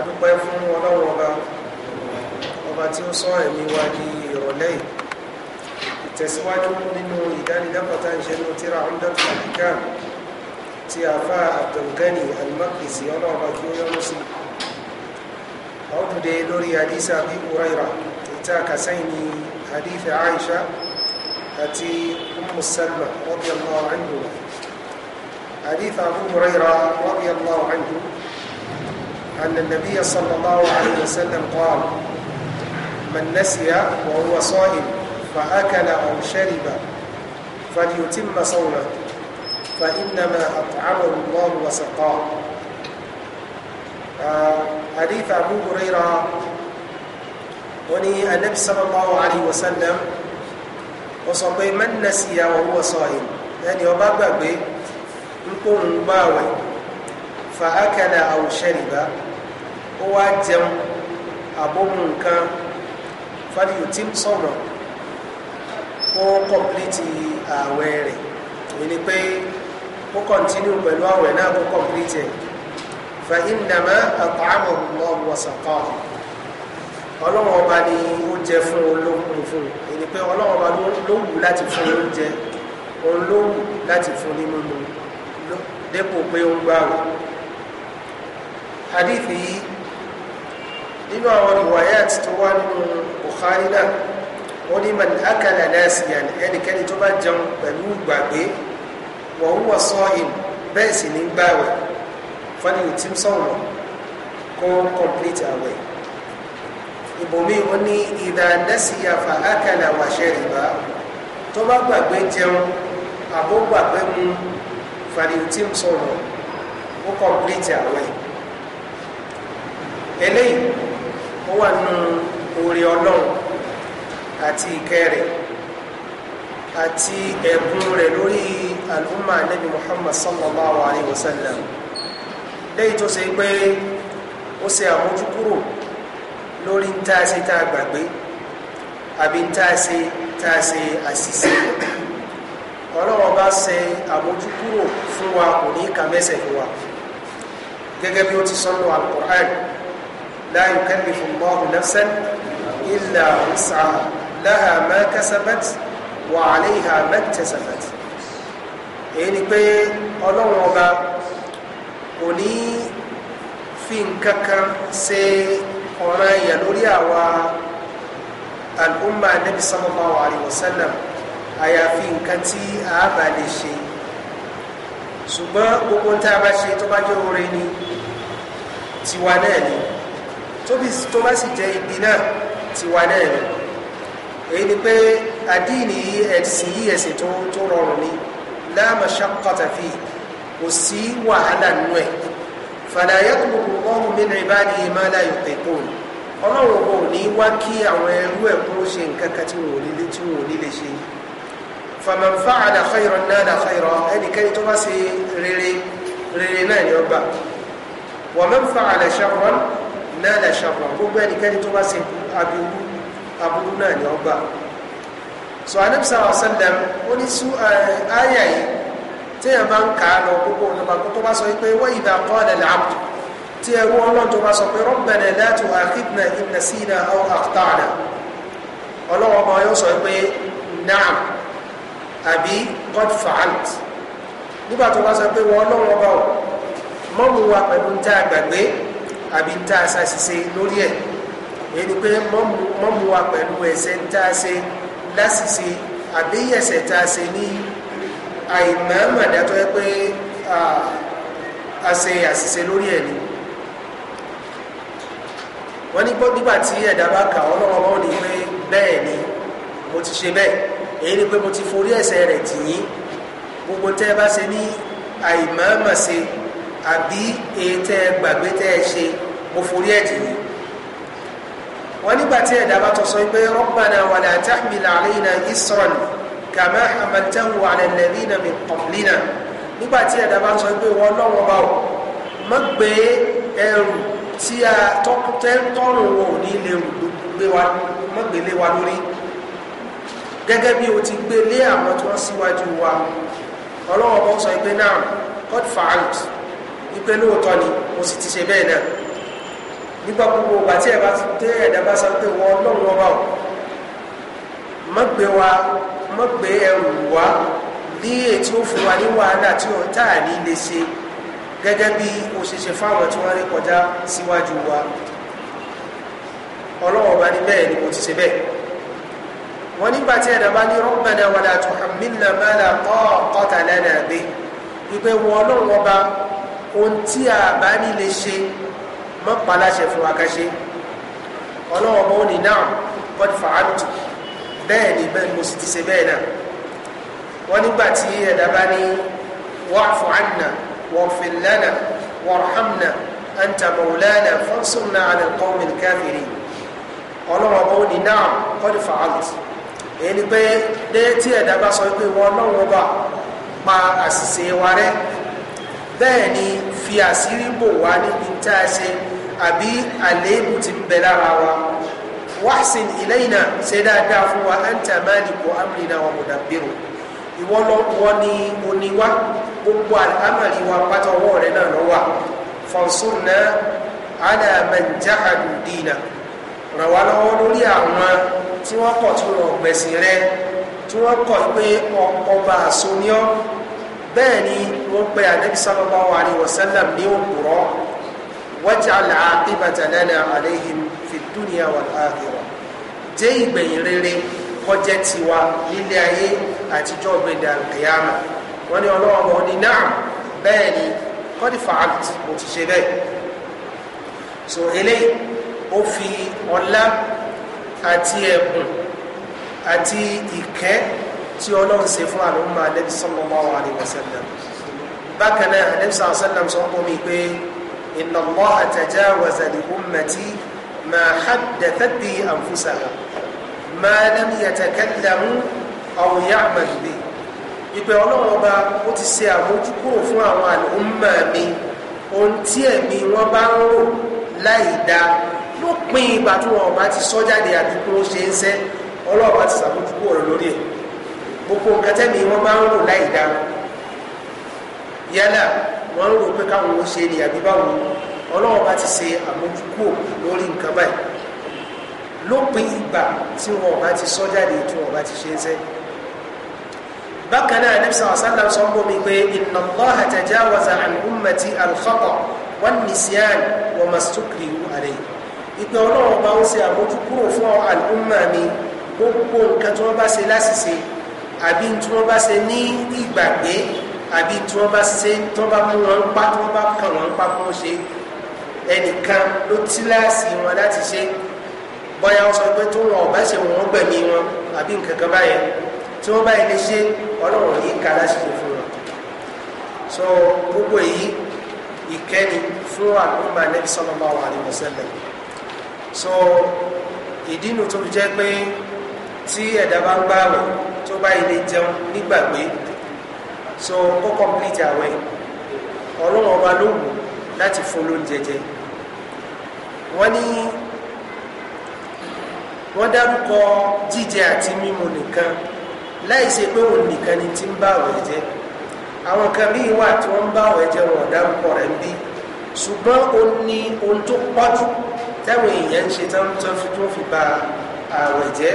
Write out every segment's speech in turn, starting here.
adúpẹ́ fún ọlọ́run ọba ọba tí ó sọ ẹ̀mí wa ní ìrọ̀lẹ́ yìí ìtẹ̀síwájú nínú ìdánilẹ́kọ̀ọ́ta ń ṣe ní tíra ọ̀dọ́tù àdìgán tí àfá àbdùlgani alimakisi ọlọ́ọba kí ó yọ́nú sí ọdúnde lórí hadith Abi Hurairah ìta kàsáyìn ní hadith Aisha àti Ummu Salma radiyallahu anhu hadith Abu Hurairah radiyallahu anhu أن النبي صلى الله عليه وسلم قال من نسي وهو صائم فأكل أو شرب فليتم صومه فإنما أطعمه الله وسقاه آه، حديث أبو هريرة وني النبي صلى الله عليه وسلم وصبي من نسي وهو صائم يعني وبابا بي نكون باوي فأكل أو شرب ó wá jẹun àbómú nǹkan fàdíyò tí ń sọ̀rọ̀ ó kọ̀m̀plìtì ààwẹ̀ rẹ̀ èyí ni pé ó kọ̀ntínú pẹ̀lú ààwẹ̀ náà kó kọ̀m̀plìtì ẹ̀ fa ìnàmá àtààmọ̀ lọ́wọ́ wọ̀sàkọ́ ọlọ́wọ́ ọba ni ó jẹ fún olóhùn fún èyí ni pé ọlọ́wọ́ ọba ló wù láti fún oúnjẹ òun ló wù láti fún ní mímu dépò pé ó ń gbà wọ̀ hadith yìí nínú àwọn riwayat tó wá nínú Bukhari náà wọ́n ní man akala nasiyan ẹnikẹ́ni tó bá jẹun pẹ̀lú gbàgbé wa huwa sa'im bẹ́ẹ̀ sì ní gbààwẹ̀ fani òtí sọ̀rọ̀ kó complete àwẹ̀ ìbòmí wọ́n ní idha nasiya fa akala wa shariba tó bá gbàgbé jẹun àbó gbàgbé mu fani òtí sọ̀rọ̀ kó complete àwẹ̀ eléyìí ó wà nù oore ọlọ́run àti ìkẹ́ rẹ̀ àti ẹ̀bùn rẹ̀ lórí àlùmà nẹ́bí muhammad sallallahu alayhi wa sallam lẹ́yìn tó ṣe pé ó ṣe àmójúkúrò lórí ń a tá a gbàgbé àbí ń àṣìṣe ọlọ́wọ́ bá ṣe àmójúkúrò fún wa kò ní kàmẹ́sẹ̀ wa gẹ́gẹ́ bí ó al لا يكلف الله نفسا إلا وسعها لها ما كسبت وعليها ما اكتسبت èyí ni pé ọlọ́run ọba kò ní fi nǹkan kan ṣe ọ̀ràn ẹ̀yà lórí àwa al'umma nabi sallallahu alaihi wasallam àyàfi nǹkan tí a bá lè ṣe ṣùgbọ́n gbogbo tá a bá ṣe tó bá jẹ́ oore ni tiwa náà ni tó bá sì jẹ́ ibi náà tiwa náà ni èyí ni pé àdínì ẹ̀sìn yìí ẹ̀sìn tó rọrùn ni la mashaqqata fi kò sí wàhálà nínú ẹ̀ fala yatlubu Allahu min ibadihi ma la yutiqun ọlọ́run kò ní wá kí àwọn ẹrú ẹ̀ kó ṣe nǹkan kan tí wọ́n nílé tí wọ́n nílé ṣe faman fa'ala khayran nala khayran ẹnikẹ́ni tó bá ṣe rere rere náà ni ó gbà wa man fa'ala sharran nana sharra gbogbo ẹnikẹ́ni tó bá ṣe aburú aburú náà ni ọgbà so anabisa ọsẹlẹm oníṣu àyà yìí téèyàn bá ń kà á lọ gbogbo ọ̀nà tó bá sọ pé wọ́n ìdá qala al-abd tí ẹrú ọlọ́run tó bá sọ pé rabbana la tu'akhidhna in nasina aw akhta'na ọlọ́wọ́ ọmọ yóò sọ pé naam àbí qad fa'alt àbí ń tá a ṣàṣìṣe lórí ẹ̀ èyí pé mọ́mú wa pẹ̀lú ẹ̀ṣẹ̀ ń tá a ṣe láṣìṣe àbí ẹ̀ṣẹ̀ tá a ṣe ní àìmọ̀ọ́mọ̀ dájọ́ pé a ṣe àṣìṣe lórí ẹ̀ ni wọ́n ní gbọ́ nígbà tí ẹ̀dá bá kà ọlọ́wọ́ wọn ni pé bẹ́ẹ̀ ni mo ti ṣe bẹ́ẹ̀ èyí ni pé mo ti forí ẹ̀ṣẹ̀ rẹ̀ tì yín gbogbo tẹ́ bá ṣe ní àìmọ̀ọ́mọ̀ ṣe àbí èyí tẹ́ ẹ gbàgbé tẹ́ ẹ ṣe mo forí ẹ̀ jì ní wọ́n nígbà tí ẹ̀dá bá tọ́sọ pé rabbana wala tahmil alayna isran kama hamaltahu ala alladhina min qablina nígbà tí ẹ̀dá bá tọ́sọ pé wọ́n lọ́wọ́ bá wọ̀ má gbé ẹrù tí a tọ́rùn wọn ò ní lè gbé wa má gbé lé wa lórí gẹ́gẹ́ bí o ti gbé lé àwọn tí wọ́n síwájú wa ọlọ́wọ́ bọ́ sọ pé náà god for out wípé lóòótọ́ ni mo sì ti ṣe bẹ́ẹ̀ náà nígbà gbogbo ìgbà tí ẹ̀bá tẹ ẹ̀dá bá sọ pé wọ́n lọ́rùn ọba ò má gbé wa má gbé ẹrù wá ní ètí ó fún wa ní wàhálà tí ó tà ní lè ṣe gẹ́gẹ́ bí o ṣe ṣe fáwọn tí wọ́n rí kọjá síwájú wa ọlọ́wọ́ bá ní bẹ́ẹ̀ ni mo ti ṣe bẹ́ẹ̀ wọ́n nígbà tí ẹ̀dá bá ní rabbana wala tuhammilna ma la taqata lana bihi wípé wọ́n lọ́rùn ọba ohun tí a bá ní lè ṣe mọ́ paláṣẹ fún wa ká ṣe ọlọ́wọ́ bọ́ ní náà god fa'altu bẹ́ẹ̀ ni bẹ́ẹ̀ mo sì ti ṣe bẹ́ẹ̀ náà wọ́n nígbà tí ẹ̀dá bá ní wa'fu 'anna waghfir lana warhamna anta mawlana fansurna 'ala al-qawmi al-kafirin ọlọ́wọ́ bọ́ ní náà god fa'altu èyí ni pé dé tí ẹ̀dá bá sọ pé wọ́n lọ́wọ́ bá pa àṣìṣe wa rẹ́ bẹ́ẹ̀ ni fi àṣírí bò wá níbi tá a ṣe àbí àléébù ti ń bẹ lára wa wáṣìn ilayna ṣe dáadáa fún wa anta maliku amrina wa mudabbiru ìwọ lọ wọ ni oníwá gbogbo àmàlí wa pátá ọwọ́ rẹ náà lọ wà fansurna ala man jahadu dina ràn wá lọ́wọ́ lórí àwọn tí wọ́n kọ̀ tí wọ́n gbẹ̀sìn rẹ tí wọ́n kọ̀ pé ọba àsọ bẹ́ẹ̀ ni wọ́n pe ànábì sallallahu alaihi wasallam ní òkúrọ́ waj'al aqibata lana alaihim fi dunya wal akhirah jẹ́ ìgbẹ̀yìn rere kọjá tiwa nílé ayé àtijọ́ gbẹ̀dà kìyàmà wọ́n ní ọlọ́wọ́ wọn ní náà bẹ́ẹ̀ ni kọ́dí fa'alt mo ti ṣe bẹ́ẹ̀ so eléyìí ó fi ọlá àti ẹ̀bùn àti ìkẹ́ tí ọlọ́run ṣe fún àlùmọ́ ànábì sallallahu alaihi wasallam bákan náà ànábì sallallahu alaihi wasallam sọ fún mi pé inna Allaha tajawaza li ummati ma haddathat bi anfusaha ma lam yatakallamu aw ya'mal bi ìpè ọlọ́run ọba ó ti ṣe àmójúkúrò fún àwọn àlùmọ́ mi ohun tí ẹ̀mí wọn bá ń rò láì dá lópin ìgbà tí wọn ọba ti sọ àdúgbò ṣe ń sẹ́ ọlọ́ọ̀bá ti ṣàmójúkúrò lórí ẹ̀ gbogbo nǹkan tẹ́mi wọ́n máa ń rò láì dá yálà wọ́n ń rò pé káwọn ó ṣe ni àbí báwọn ọlọ́wọ́n bá ti ṣe àmójúkú lórí nǹkan báyìí lópin ìgbà tí wọn ò bá ti sọ jáde tí wọn ò bá ti ṣe ń sẹ́ bákan náà ní sàwọn sálà sọ ń bomi pé inna Allaha tajawaza an ummati al-khata wan-nisyan wa mastukrihu alayhi ìpè ọlọ́wọ́n bá ń ṣe àmójúkúrò fún àlùmọ́ mi gbogbo nǹkan tí wọ́n bá ṣe láṣìṣe àbí tí wọ́n bá ṣe ní ìgbàgbé àbí tí wọ́n bá ṣe tí wọ́n bá mú wọn pa tí wọ́n bá kàn wọ́n pa kó ṣe ẹnìkan ló tíláàsì wọn láti ṣe bóyá wọ́n sọ pé tó wọn ọ̀bá ṣe wọn gbẹ̀mí wọn àbí nǹkan kan báyẹn tí wọ́n báyìí lè ṣe ọlọ́run yìí ká láṣìṣe fún wọn. sọ gbogbo èyí ìkẹ́ni fún àlùmọ́ Ànábì sallallahu alaihi wasallam sọ ìdí nu tó jẹ́ pé tí ẹ̀dá bá ń gbà tó bá ilé jẹun nígbàgbé so ó complete àwẹ̀ ọlọ́run ọba ló wù láti fún lóúnjẹ jẹ wọ́n ní wọ́n dárúkọ jíjẹ àti mímu nìkan láì ṣe pé òun nìkan ni ti ń bá àwẹ̀ jẹ àwọn kan bí wà tí wọ́n ń bá àwẹ̀ jẹ wọn dárúkọ rẹ̀ ń bí ṣùgbọ́n ó ní ohun tó pọ̀jù táwọn èèyàn ń ṣe tán tó fi bá àwẹ̀ jẹ́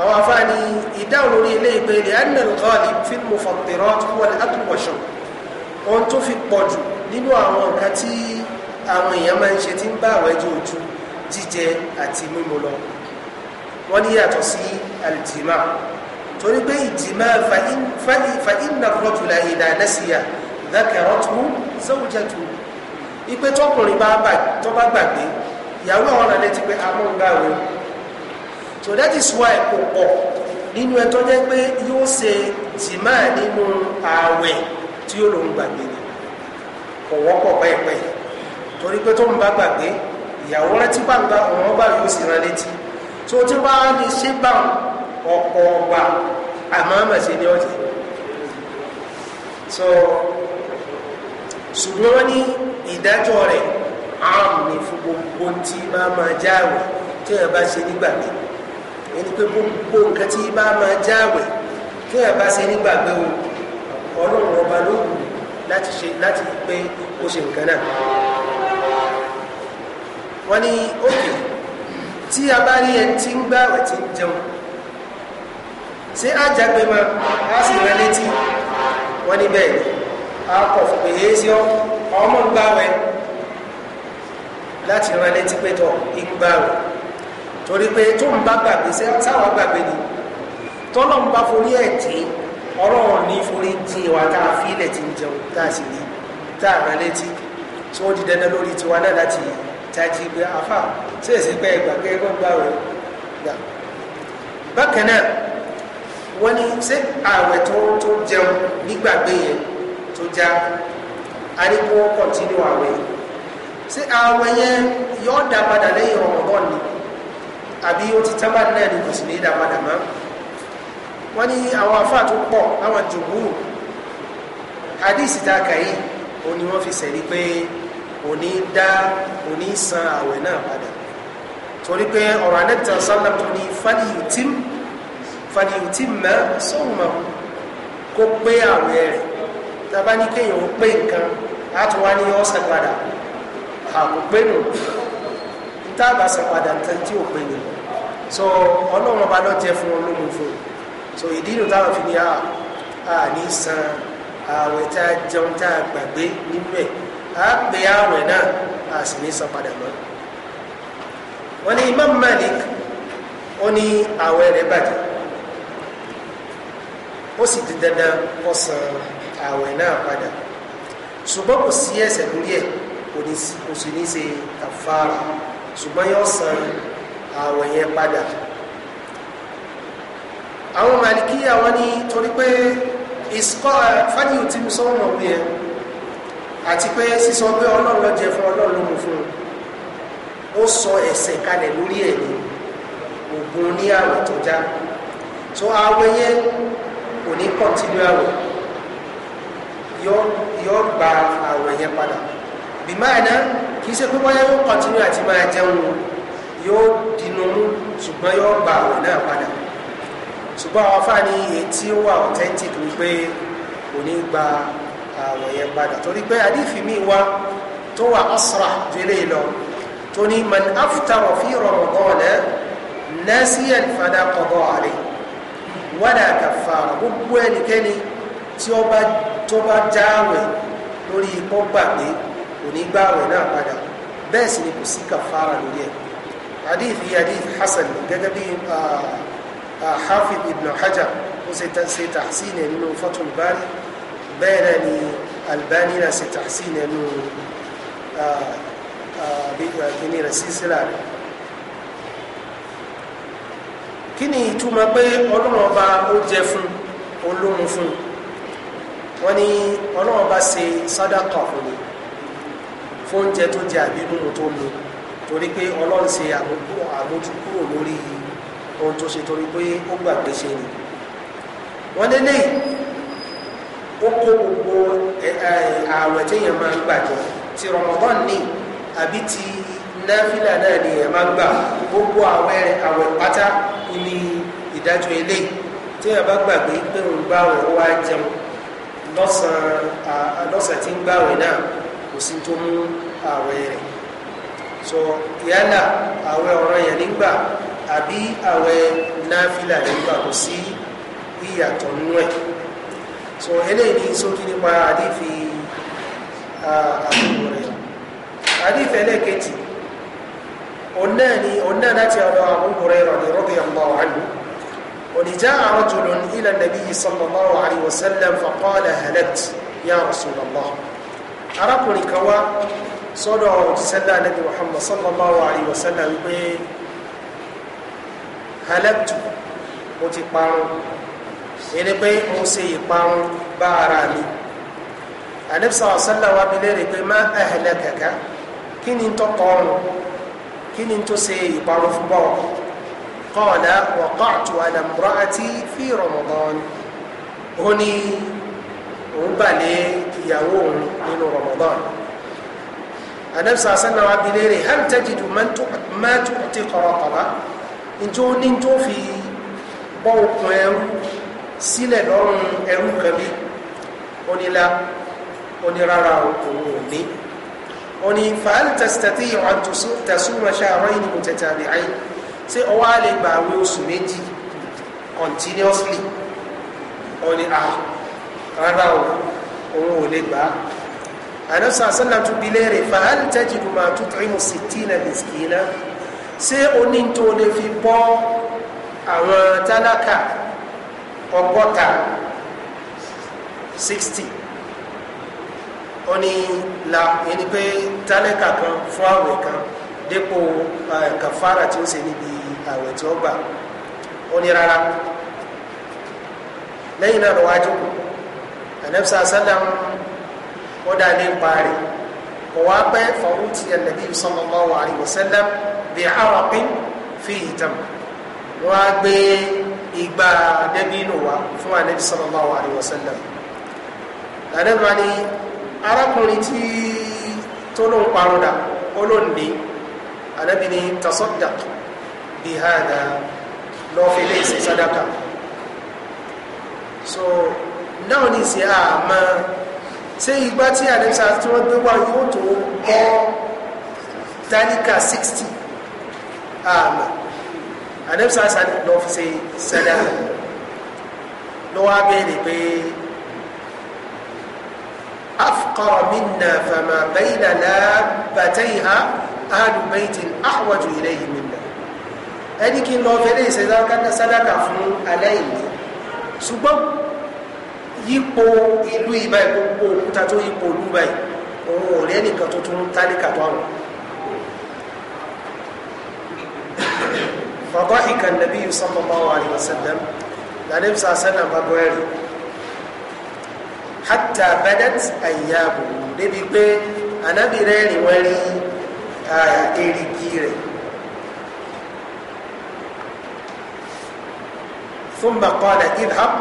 àwọn afáàní ìdáhùn lórí ilé ìpè ilẹ̀ annal ghalib fil mufattirat huwa al-aklu wa shurb ohun tó fi pọ̀ jù nínú àwọn nǹkan tí àwọn èèyàn máa ń ṣe tí ń bá àwọn ẹjọ́ ojú jíjẹ àti mímu lọ wọ́n ní yàtọ̀ sí alìjìmá torí pé ìjìmá fa inna rajula idha nasiya dhakaratu zawjatu ipe tọkùnrin bá gbàgbé ìyàwó àwọn àlejò pé amóhùn gbàgbé so that is why kò pọ̀ nínú ẹ tó jẹ́ pé yóò ṣe jìmá nínú ààwẹ̀ tí yóò lòún gbàgbé ni kò wọ́pọ̀ pẹ́ẹ́pẹ́ torí pé tó ń bá gbàgbé ìyàwó rántí gbàgbà òun bá yóò sì rán létí tó tí wọ́n á lè ṣe bá ọ̀pọ̀ ọgbà àmọ́ àmàṣe ni ọ̀jẹ̀ so ṣùgbọ́n wọ́n ní ìdájọ́ rẹ̀ àrùn ní fún gbogbo tí bá máa jáwèé tí wọ́n bá ṣe nígbàgbé ẹni pé gbogbo nǹkan tí bá máa jáwèé tí ẹ bá ṣe nígbàgbé o ọlọ́run ọba ló wù láti ṣe láti pé ó ṣe nǹkan náà wọ́n ní òkè tí a bá rí ẹni tí ń gbàwẹ̀ tí ń jẹun ṣé àjàgbé máa á sì rẹ létí wọ́n ní bẹ́ẹ̀ ni a kọ̀ fún pé èé sí ọmọ ń gbàwẹ̀ láti rẹ létí pé tọ̀ ń gbàwẹ̀ torí pé tó ń bá gbàgbé sáwọn gbàgbé ni tọ́lọ́ ń bá forí ẹ̀ tí ọlọ́run ní forí tí wa tá a fi ti ń jẹun tá a sì ní tá a rán létí tí wọ́n di dandan lórí tiwa náà láti tají pé àfà sí èsì pé ìgbàgbé ẹgbẹ́ gbà rẹ̀ gbà. bákan náà wọ́n ní ṣé ààwẹ̀ tó tó jẹun nígbàgbé yẹn tó já a ní kó kọ̀ntínú ààwẹ̀ ṣé ààwẹ̀ yẹn yọ̀ọ́ dá padà lẹ́yìn ọ̀rọ̀ náà ni àbí ó ti tábà náà ni kò sì ní dá padà mọ́ wọ́n ní àwọn afá tó pọ̀ láwọn jùmú hadisi tá a kà yìí ó ní wọ́n fi sẹ̀rí pé òní dá òní san àwẹ̀ náà padà torí pé ọ̀rọ̀ anẹ́tà sálà tó ní fàdíyùtìm fàdíyùtìm mẹ́ sọ́wọ́mọ́ kó pé àwẹ̀ rẹ̀ tàbá ní kéèyàn ó pé nǹkan á tún wá ní ọ̀sán padà àkùpé nù tá a bá san padà tán tí ò pé ni so ọlọ́run ọba náà jẹ́ fún ológun fún so ìdí inú táwọn fi ni a ah, a ní san ààwẹ̀ tá a jẹun tá a gbàgbé nínú ẹ̀ a pè ààwẹ̀ náà a sì ní san padà mọ́ wọ́n ní Imam Malik ó ní ààwẹ̀ rẹ̀ bàjẹ́ ó sì di dandan kó san ààwẹ̀ náà padà ṣùgbọ́n kò sí ẹ̀ṣẹ̀ lórí ẹ̀ kò sì ní ṣe kàfàrà ṣùgbọ́n yóò san àwẹ̀ yẹn padà àwọn màlìkíyà wọn ní torí pé ìsìkọ́ fáníyù tí mo sọ́wọ́n mọ̀ wí ẹ àti pé sísọ pé ọlọ́run ló jẹ fún ọlọ́run ló mú fún un ó sọ ẹ̀sẹ̀ kalẹ̀ lórí ẹ̀ ní ògùn ní àwẹ̀ tó já tó àwẹ̀ yẹn kò ní kọ́ntínú àwẹ̀ yọ gba àwẹ̀ yẹn padà bí máa náà kì í ṣe pé bóyá yóò kọ́ntínú àti máa jẹun yóò dínú ṣùgbọ́n yóò gba àwẹ̀ náà padà ṣùgbọ́n àwọn afáàní etí ó wà authentic ni pé kò ní gba àwẹ̀ yẹn padà torí pé àdífì míì wá tó wà asra délé lọ tó ní man aftara fi Ramadana nasiyan fada qada alayhi wala kafara gbogbo ẹnikẹ́ni tí ó bá jáwẹ̀ lórí ipò gbàgbé kò ní gbá àwẹ̀ náà padà bẹ́ẹ̀ sì ni kò sí kàfàrà lórí ẹ̀ hadith yìí hadith hasan gẹ́gẹ́ bí ah, ah, hafid ibn hajar ó ṣe ṣe tahsin ẹ̀ nínú fatul bari bẹ́ẹ̀ náà ni albani náà ṣe tahsin ẹ̀ nínú kìíní ah, rẹ̀ sísílà rẹ̀ kí ni ìtumọ̀ pé ọlọ́run ọba ó jẹ fún olóhun fún wọn ni ọlọ́run ọba ṣe sádàkà fún mi fóúnjẹ tó jẹ àbí mímu tó mu torí pé ọlọ́run ṣe àmójúkúrò lórí ohun tó ṣe torí pé ó gbàgbé ṣe ni wọ́n lé lẹ́yìn ó kó gbogbo ààrùn téèyàn máa ń gbàjọ ti Ramadan ní àbí ti náfìlà náà ni èèyàn máa ń gbà gbogbo àwẹ̀ àwẹ̀ pátá ní ìdájọ́ eléyìí téèyàn bá gbàgbé pé òun gbàwẹ̀ ó wá jẹun lọ́sàn-án tí ń gbàwẹ̀ náà kò sí tó mú ààwẹ̀ rẹ̀ so yálà ààwẹ̀ ọ̀rọ̀ yẹn nígbà àbí ààwẹ̀ náfìlà nígbà kò sí ìyàtọ̀ nínú ẹ̀ so eléyìí ní sókí nípa àdífi àbúrò rẹ̀ àdífi ẹlẹ́kẹ̀tì وناني ونانا على أبو هريرة رضي الله عنه ونجاء رجل إلى النبي صلى الله عليه وسلم فقال هلكت يا رسول الله arákùnrin kan wá sọ́dọ̀ òjísẹ́dá nẹ́bí Muhammad sallallahu alaihi wasallam wípé halaktu mo ti parun ẹni pé mo ṣe ìparun bá ara mi anẹ́bísà ọ̀sẹ́lá wa bilé rẹ̀ pé má ahlakaka kí ni tó kọrùn kí ni tó ṣe ìparun fún bọ́ qala waqa'tu ala imra'ati fi ó ní òun bà lé ìyàwó òun nínú Ramadan anabisa sanna wa bi léèrè hal tajidu mẹtu ti kọrọ kọba njó ní njó fi bọ́ okùn ẹrú sílẹ̀ lọ́rùn ẹrú kẹbi onílà onírara òun ò ní oní fàálì tẹsítẹtì ìwàntúnṣe tẹsúnmọṣẹ àrọ yìí ni mo tẹtẹ àmì àyè ṣé ọwọ́ àlè gbà àwọn oṣù méjì continuously oní a ah, rárá o òun ò lè gbà á ànábì sàlám tún bi léèrè fàhálì tẹ́jìdù máa tún tún ìmù sìtìnà mìsìkìnà ṣé oní tó lè fi bọ́ àwọn tálákà ọgọ́ta sixty ó ní la ẹni pé tálákà kan fún àwẹ̀ kan dépò kàfàrà tí ó ṣe níbi àwẹ̀ tí ó gbà ó ní rárá lẹ́yìn náà lọ́wọ́ ajókòó anabisa sallam ó dá ní parí kò wá pẹ́ fàwùtì ẹ̀nàbí sallallahu alaihi wasallam bí arọ́pín fi ìtàn wọ́n á gbé igba dẹ́bínú wa fún anabisa sallallahu alaihi wasallam àdẹ́bà ni arákùnrin tí tó ló ń parọ́dà olóǹde àdẹ́bì ni tasaddaq bí hádà lọ́fẹ́lẹ́ ìsìn sádàkà so náà ní ìsìn àmọ́ ṣé ìgbà tí àdẹ́sà tí wọ́n gbé wá yóò tó kọ́ tálíkà 60 àmọ́ àdẹ́sà sáré lọ fi ṣe sẹ́dá ló wá bẹ́ẹ̀rẹ̀ pé afqara minna fama bayna labbatayha ahlu baytin ahwaju ilayhi minna ẹni kí n lọ fẹ́lẹ́ ìṣẹ̀dá sádàkà fún aláìní ṣùgbọ́n yípo ìlú ìbá ìgbogbo òkúta tó yípo ìlú báyìí òun ò rẹ́ nìkan tó tún tálíkà tó àwọn. فضحك النبي صلى الله عليه وسلم لأنه صلى الله عليه وسلم بقوله حتى بدت أيامه نبي بي أنا بريني ولي إيري جيري ثم قال اذهب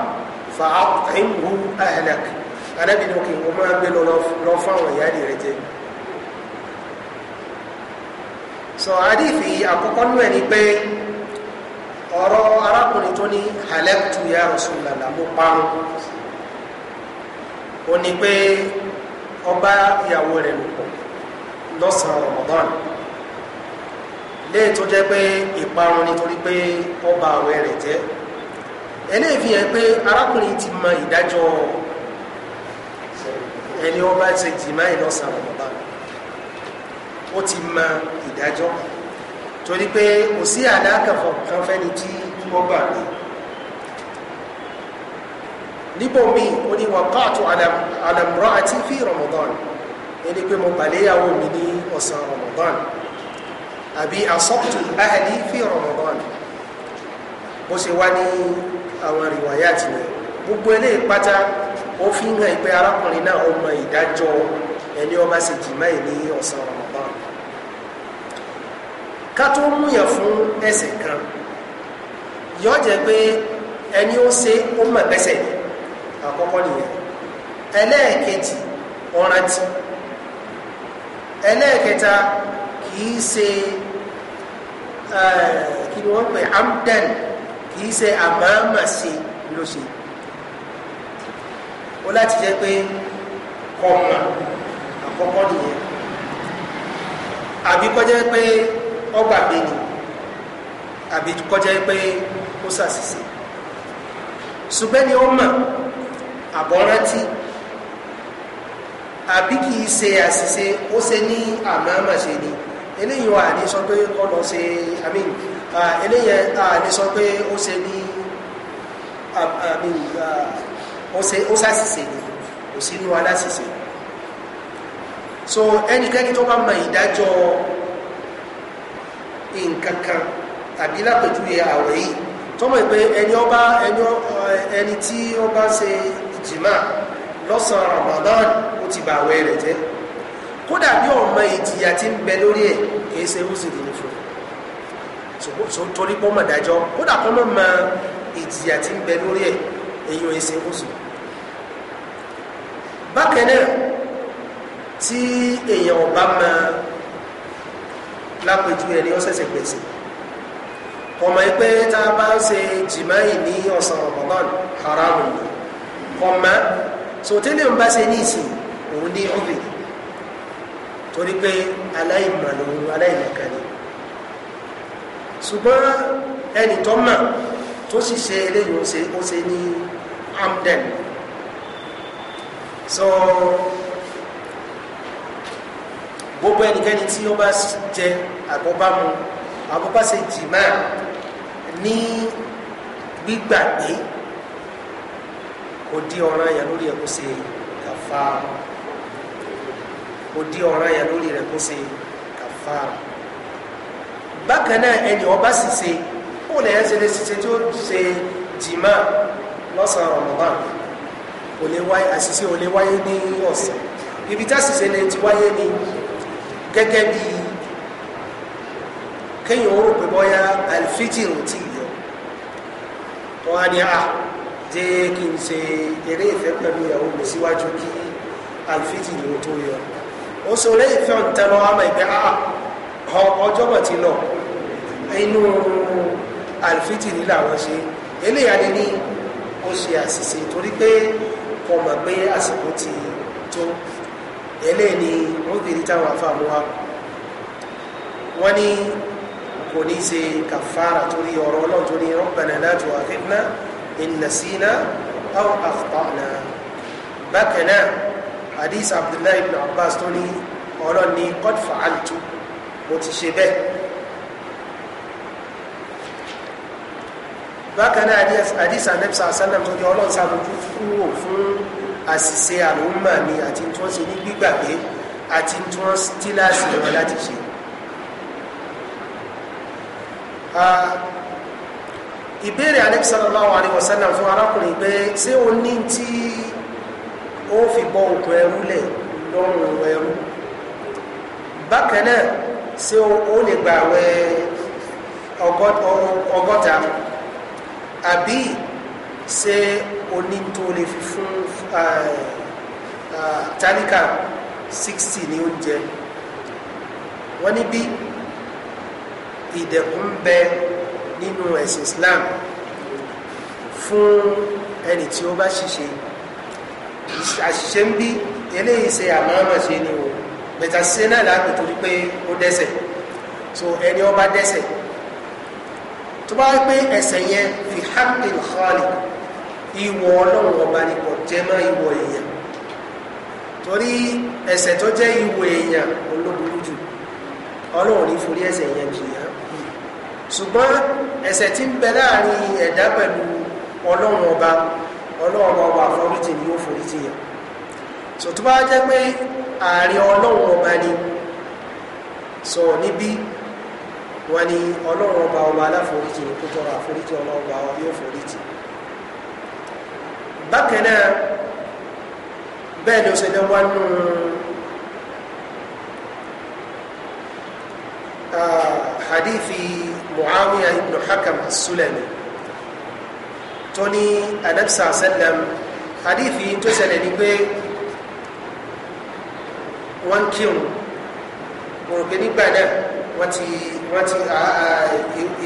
fa'at'imhu ahlak anábì ní òkè wọ́n máa gbé lọ fáwọn ìyáàdì rẹ̀ jẹ sọ àdìfì àkọ́kọ́ nú ẹ̀ ni pé ọ̀rọ̀ arákùnrin tó ní halaktu ya Rasulullah mú parun ó ní pé ọba ìyàwó rẹ̀ lò pọ̀ lọ́sàn-án Ramadan léè tó jẹ́ pé ìparun nítorí pé ọba àwẹ̀ rẹ̀ jẹ́ eléyìí fi hàn pé arákùnrin ti mọ ìdájọ́ ẹni wọn bá ṣe jìmá ìlọsàn ọmọba ó ti mọ ìdájọ́ torí pé kò sí àdákàfọ kan fẹ́ni tí wọn gbà mí níbo mi ò ní wàkàtú àlàmúrọ àti fi Ramadan ẹni pé mo gbàléyàwó mi ní ọ̀sán Ramadan àbí asọ́tù ahli fi Ramadan bó ṣe wá ní. àwọn rìwáyà ti gbogbo ele pátá ó fi hàn pé arákùnrin náà ọmọ ìdájọ́ ẹni ọba ṣe jìmá ẹ̀ ní ọ̀sán Ramadan ká tó fún ẹsẹ̀ kan yọ jẹ pé ẹni ó ṣe ó mọ̀ bẹ́sẹ̀ àkọ́kọ́ nìyẹn ẹlẹ́ẹ̀kejì ọ̀rántí ẹlẹ́ẹ̀kẹta ṣe kí ni wọ́n pè amden kì í ṣe àmàmà ṣe ló ṣe ó láti jẹ́ pé kọ̀mà àkọ́kọ́ nìyẹn àbí kọjá pé ọgbà bẹ́ẹ̀ni àbí kọjá pé ó ṣàṣìṣe ṣùgbẹ́ ni ó mọ̀ àbọ̀rántí àbí kì í ṣe àṣìṣe ó ṣe ní àmàmà ni eléyìí wà ní sọ pé kọ́ lọ ṣe àmì eléyẹ ààrẹ sọ pé ó ṣe ní ó sàṣìṣe ni kò sí inú aláṣìṣe so ẹnikẹ́ni tó bá mọ ìdájọ́ nǹkankan tàbí lápẹ̀júwe àwẹ̀ yìí tọ́mọ̀ pé ẹni ọba ẹni tí ó bá ṣe ìjìmá lọ́sàn Ramadan ó ti bà àwẹ̀ rẹ̀ jẹ́ kódà bí ọmọ ìjìyà ti ń bẹ lórí ẹ̀ kìí ṣe ó sì dìní torí pọ́ mọ̀ dájọ́ kódà kọ́ mọ̀ mọ ìjìyà tí ń bẹ lórí ẹ̀ se ẹsẹ̀ oṣù bákan náà tí èèyàn ọba mọ lápẹjú ẹni ọ̀sẹ̀sẹ̀ gbèsè kọmọ yìí pé tá a bá ń ṣe jìmáyì ní ọ̀sán Ramadan haramu ni kọmọ sọtẹ́lẹ̀ ń bá ṣe ní ìsìn òun ní ọ̀bì torí pé aláìmọ̀ lòun aláìmọ̀kan ṣùgbọ́n ẹnì tó mọ̀ tó sì ṣe eléyìí ó ṣe ó ní amden so gbogbo ẹnikẹ́ni tí ó bá jẹ àbọ̀bá mu àbọ̀bá ṣe jìmá ní gbígbàgbé kò di ọ̀ràn yẹn lórí ẹ̀ kó ṣe kàfàrà kò di ọ̀ràn yẹn lórí rẹ̀ kó bákan náà ẹni ọba ṣìṣe ó lẹ́yìn ṣe lè ṣiṣẹ́ tí ó ṣe jìmá lọ́sàn-án Ramadan kò lè wáyé àṣìṣe ò lè wáyé ní ọ̀sán ibi tá ṣìṣe lè ti wáyé ni gẹ́gẹ́ bí kéèyàn ó rò pé bọ́yá alifijir ti yọ wọ́n á ní a jẹ́ kí n ṣe eré ìfẹ́ pẹ̀lú ìyàwó mi síwájú kí alifijir ló tó yọ ó sọ lẹ́yìn fẹ́ ọ̀tẹ́lọ́ àmọ́ ìgbẹ́ ọjọ́ bọ̀ ti lọ inú àlùfítì ní làwọn ṣe eléyà ni ní ó ṣe àṣìṣe torí pé kò mọ̀ pé àsìkò ti tó eléyà ni wọ́n kiri táwọn afáàmù wa wọ́n ní kò ní ṣe kàfàrà torí ọ̀rọ̀ ọlọ́run tó ní rabbana la tu'akhidhna in nasina bákan náà hadith abdullahi ibn abbas tó ní ọlọ́run ní qad fa'altu mo ti ṣe bẹ́ẹ̀. bákan náà àdìsá nẹ́bísà sálẹ̀m tó jẹ́ ọlọ́run sàbójú kúrò fún àṣìṣe àlùmọ̀ mi àti tí wọ́n ṣe ní gbígbàgbé àti tí wọ́n tí láti wọn láti ṣe ìbéèrè ànẹ́bísà sallallahu alaihi wasallam fún arákùnrin pé ṣé o ní tí ó fi bọ́ òkun ẹrú lẹ̀ lọ́rùn ẹrú bákan náà ṣé o lè gbààwẹ̀ ọgọ́ta àbí ṣe oní tó lè fi fún tálíkà 60 ní oúnjẹ wọ́n ní bí ìdẹ̀kùn bẹ nínú ẹ̀sìn Islam fún ẹni tí ó bá ṣiṣẹ́ àṣìṣe ń bí eléyìí ṣe àmọ́ràn ṣe ni o bẹ̀tà ṣe náà láàpẹ̀ torí pé ó dẹ́sẹ̀ so ẹni ó dẹ́sẹ̀ tó bá wípé ẹ̀ṣẹ̀ yẹn fi haqqil khaliq ìwọ ọlọ́run ọba ni kò jẹ́ mọ́ ìwọ èèyàn torí ẹ̀ṣẹ̀ tó jẹ́ ìwọ èèyàn olóburú jù ọlọ́run ní forí ẹ̀ṣẹ̀ yẹn jù yá ṣùgbọ́n ẹ̀ṣẹ̀ tí ń bẹ láàrin ẹ̀dá pẹ̀lú ọlọ́run ọba ọlọ́run ọba àforíjì ni ó foríjì yẹn so tó pé ààrẹ ọlọ́run ọba ni sọ níbí wọ́n ní ọlọ́run ọba ọba aláforíjì ní kó tọrọ àforíjì ọlọ́run ọba ọba yóò foríjì bákan náà bẹ́ẹ̀ ló ṣe dánwà nù hadithi muawiya ibn hakam as-sulami tó ní hadithi tó ṣẹlẹ̀ ní pé wọ́n kírun wọ́n nígbà náà wọ́n ti wọ́n ti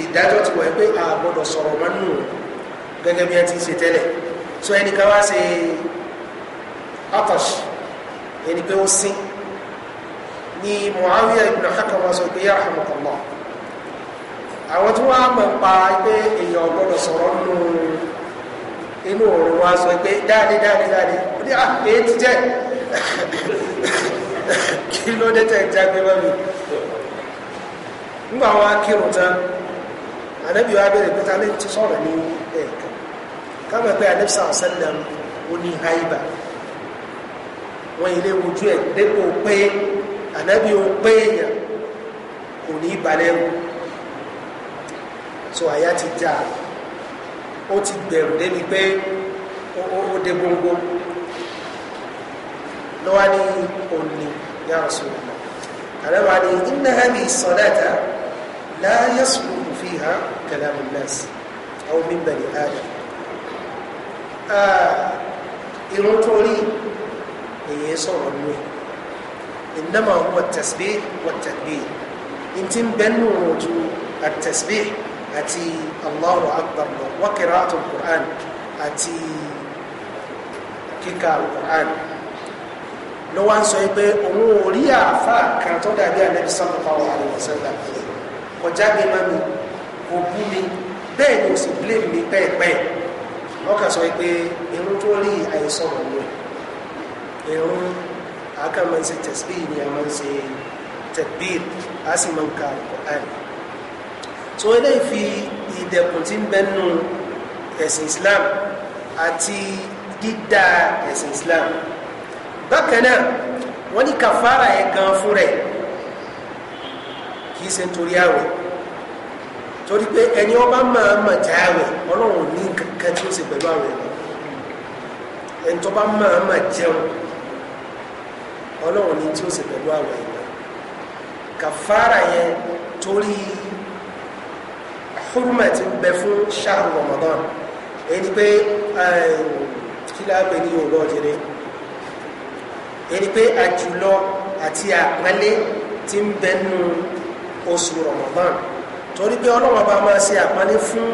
ìdájọ́ ti wọ̀ pé a gbọ́dọ̀ sọ̀rọ̀ mọ́ nù gẹ́gẹ́ bí ẹ ti ṣe tẹ́lẹ̀ so ẹnì kan wá ṣe atash ẹni pé ó sín ni Muawiya ibn Hakam wọ́n sọ pé yà rahmatullah àwọn tí wọ́n á mọ̀ pa pé èèyàn gbọ́dọ̀ sọ̀rọ̀ nù inú òòrùn wa sọ pé dáadé dáadé dáadé ó ní àpè ah, ti jẹ́ kí ló dé tẹ̀ jágbe mọ́ mi nígbà wọn akírun tán ànábì wa bẹ̀rẹ̀ pé tálẹ́ ti sọ̀rọ̀ ní ẹ̀ẹ̀kan káwọn pé ànábì sàn sẹ́lẹ̀ ó ní haiba wọn ilé ojú ẹ̀ dépò pé ànábì ó pé èèyàn kò ní balẹ̀ wù so àyà ti já ó ti bẹ̀rù débi pé ó dé gbogbo lọ́wọ́ ní òní yàrá sọ̀rọ̀ ànábì wa ní inna hadi salata. لا يصدق فيها كلام الناس أو من بني آدم irun tó rí èyí sọ̀rọ̀ nù ẹ̀ ìnáma wọ tẹ̀sibí wọ tẹ̀gbí n ti bẹ́nu ojú àtẹ̀sibí àti Allahu akbar lọ wákìrá àti Qur'an àti kíkà Qur'an lọ́wọ́ ń sọ pé òun ò rí àáfàá kan tó dàbí Ànábì sallallahu alaihi wasallam kọjá mi má mi kò bú mi bẹ́ẹ̀ ni o sì blame mi pẹ́ẹ̀pẹ́ wọ́n kà sọ pé irun tó rí àìsàn ọ̀nà rẹ̀ irun àákà máa ń ṣe tẹ̀sí ni a máa ń ṣe tẹ̀bíìl a sì máa ń ka Al-Qur'an eléyìí fi ìdẹ̀kùn tí ń bẹ nù ẹ̀sìn Islam àti dídá ẹ̀sìn Islam bákan náà wọ́n ní kàfàrà ẹ̀ gan fún rẹ̀ kì í ṣe nítorí àwẹ̀ torí pé ẹni ọba máa mà já àwẹ̀ ọlọ́run ní kankan tí ó ṣe pẹ̀lú àwẹ̀ lọ ẹni tó bá máa mà jẹun ọlọ́run ní tí ó ṣe pẹ̀lú àwẹ̀ lọ kàfàrà yẹn torí hurma ń bẹ fún ṣáà Ramadan ẹni pé eh, kí láàbẹ̀ ní yorùbá ọ̀jẹ̀rẹ̀ ẹni pé àjùlọ àti àpẹẹlẹ ti ń bẹ nù oṣù Ramadan torí pé ọlọ́wọ́n bá máa ṣe àpọ́nlé fún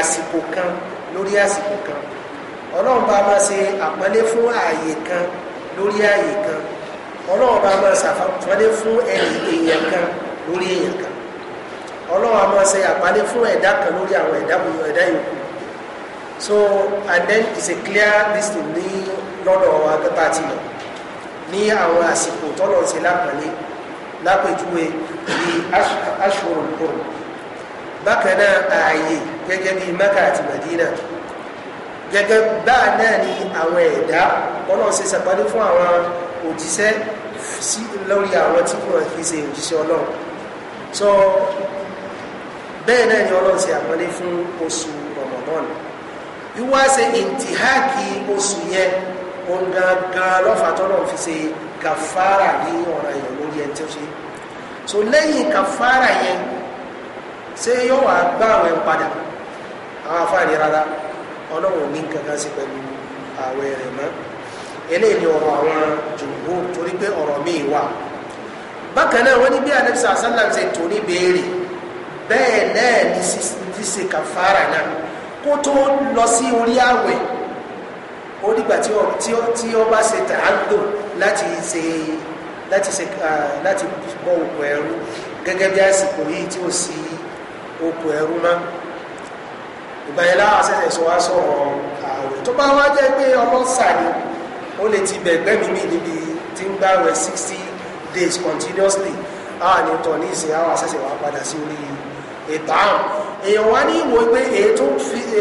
àsìkò kan lórí àsìkò kan ọlọ́wọ́n bá máa ṣe àpọ́nlé fún ààyè kan lórí ààyè kan ọlọ́wọ́n bá máa ṣàpọ́nlé fún èèyàn kan lórí èèyàn kan ọlọ́wọ́n a máa ṣe àpọ́nlé fún ẹ̀dá kan lórí àwọn ẹ̀dá ẹ̀dá yòókù so and then it's a clear listing ní lọ́dọ̀ wa tó bá ti lọ ní àwọn àsìkò tọ́lọ̀ ṣe lápọ́nlé lápẹjúwe ní aṣọrò kúrò bákan náà ààyè gẹ́gẹ́ bíi mẹ́kà àti madina gẹ́gẹ́ báà náà ni àwọn ẹ̀dá ọlọ́run ṣe ṣàpàdé fún àwọn òjíṣẹ́ sí lórí àwọn tí wọ́n fi ṣe òjíṣẹ́ ọlọ́run so bẹ́ẹ̀ náà ni ọlọ́run ṣe àpàdé fún oṣù rọmọdọ́nù wíwá ṣe oṣù yẹn òun gangan lọ́fà fi ṣe kàfàrà ní ọ̀ràn èèyàn lórí ẹni tí ó ṣe so lẹ́yìn kàfàrà yẹn ṣé yóò wá gbá àwọn ẹni padà àwọn afáàní rárá ọlọ́run ò ní kankan sí pẹ̀lú ààwẹ̀ rẹ̀ mọ́ eléyìí ni ọ̀rọ̀ àwọn jùmùú torí pé ọ̀rọ̀ míì wà bákan náà wọ́n ní bí anabisa asalam ṣe tò ní béèrè bẹ́ẹ̀ náà ní ṣíṣe kàfàrà náà kó tó lọ sí orí ààwẹ̀ ó nígbà tí ó bá ṣe tààdùn láti ṣe láti ṣe láti bọ́ òkú ẹrú gẹ́gẹ́ bí àsìkò yìí tí ó sí òkú ẹrú má ìgbà yẹn láwọn asẹ́sẹ̀ sọ wá sọ̀rọ̀ ààwẹ̀ tó bá wá jẹ́ pé ọlọ́sà ni ó lè ti bẹ̀gbẹ́ mi mí níbi tí ń gbà rẹ̀ sixty days continuously àwọn àni tọ̀ ní ìsìn àwọn asẹ́sẹ̀ wá padà sí orí ètò àrùn èèyàn wá ní ìwò pé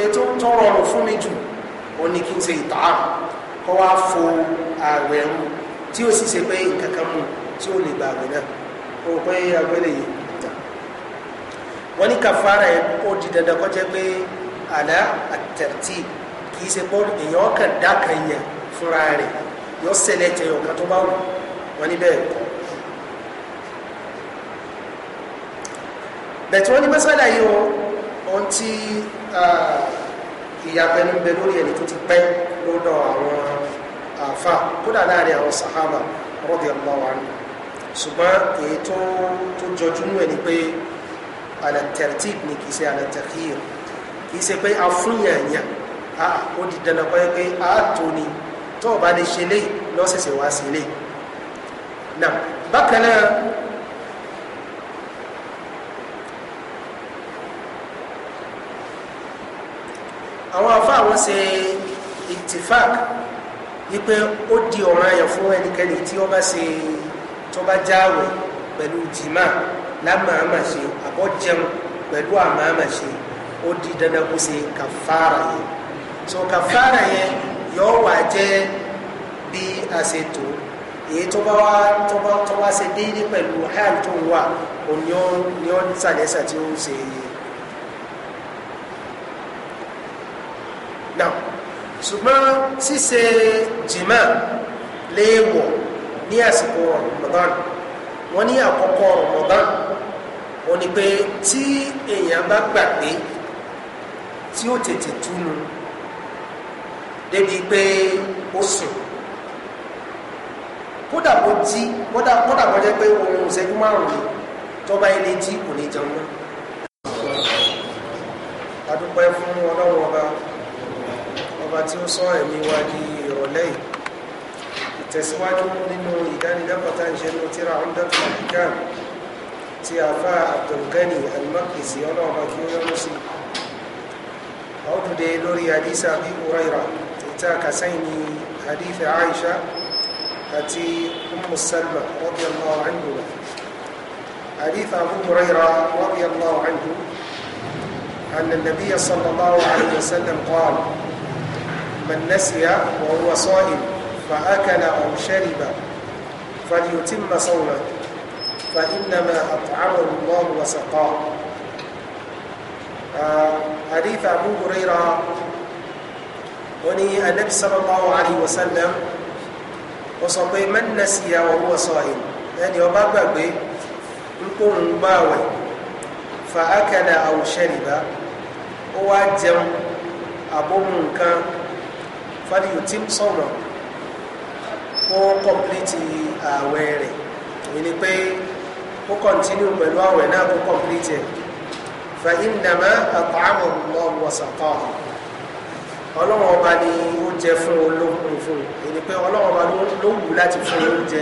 ètò ń tọrọ ọ̀rọ̀ fún mi jù ó ní kí n ṣe ìtààrùn kọ́ wá fo ààwẹ̀ rú tí ó sì ṣe pé nǹkan kan mú tí ó lè gba àwẹ̀ náà ó pé agbẹ́lẹ̀ yìí ta wọ́n ní kàfàrà ẹ̀ ó di dandan kọjá pé àlá àtẹ̀tì kì í ṣe pé èèyàn ọkàn dákan yẹn fúnra rẹ̀ yọ sẹlẹ̀ tẹ ọ̀kan tó bá wù wọ́n ní bẹ́ẹ̀ kọ́ bẹ̀tí wọ́n ní mẹ́sàlá yìí ohun tí ah, ìyàpẹ̀nu bẹ lórí ẹni tó ti pẹ́ lọ́dọ̀ àwọn àfà kódà láàrin àwọn sàhábà radiyallahu anhu ṣùgbọ́n èyí tó tó jọjú nú ẹ̀ ni pé ala tartib ni kì í ṣe ala takhir kì í ṣe pé a fún yànyàn a ó di dandan kọ́ pé a tó ni tó o bá lè ṣe lé lọ́sẹ̀sẹ̀ wá sí lé nà bákan náà àwọn afá àwọn ṣe ittifaq wípé ó di ọ̀ràn ayàn fún ẹnikẹ́ni tí ó bá ṣe tó bá jáwẹ̀ pẹ̀lú jìmá lámàámà ṣe àbọ̀ jẹun pẹ̀lú àmàámà ó di dandan kó ṣe kàfàrà yẹn so kàfàrà yẹn yọ wà jẹ́ bí a ṣe tó èyí tó bá wá tó bá tó bá ṣe déédéé pẹ̀lú hàn tó wà òun ni ó ní ó sàlẹ́sà tí ó ń ṣe ṣùgbọ́n ṣíṣe jìmá léèwọ̀ ní àsìkò Ramadan wọ́n ní àkọ́kọ́ Ramadan wọ́n ní pé tí èèyàn bá gbàgbé tí ó tètè túnu débi pé ó sùn kódà bó jí kódà kódà bó jẹ́ pé ohun ìṣẹ́jú márùn-ún ni tọ́ba ilé jí kò ní jẹun náà adúpẹ́ fún ọlọ́run ọba ọba tí ó sọ ẹ̀mí wa di ìrọ̀lẹ́ yìí ìtẹ̀síwájú nínú ìdánilẹ́kọ̀ọ́ta ìṣẹ́nu tíra ọ̀dọ́tù àdìgán tí a fa Abdulgani al-Maqdisi ọlọ́ọ̀bá kí ó yọ́nú sí a ó dúdé lórí hadisa bí Huraira ìta kàsáì ni haditha Aisha àti Ummu Salma radiyallahu anhu حديث أبو هريرة رضي الله عنه أن النبي صلى الله عليه وسلم قال من نسي وهو صائم فأكل أو شرب فليتم صومه فإنما أطعمه الله وسقاه حديث أبو هريرة وني النبي صلى الله عليه وسلم وصبي من نسي وهو صائم يعني وما بابي نكون باوي فأكل أو شرب هو جم أبو منكر fàdíyò tí ń sọ̀rọ̀ ó kọ̀m̀plìtì ààwẹ̀ rẹ̀ èyí ni pé ó kọ̀ntínú pẹ̀lú ààwẹ̀ náà kó kọ̀m̀plìtì ẹ̀ fa ìnàmá àtàwọn ọmọ wọ̀sàtọ̀ ọlọ́wọ́n ọba ni ó jẹ fún olóhùn fún èyí pé ọlọ́wọ́n ọba ló wù láti fún oúnjẹ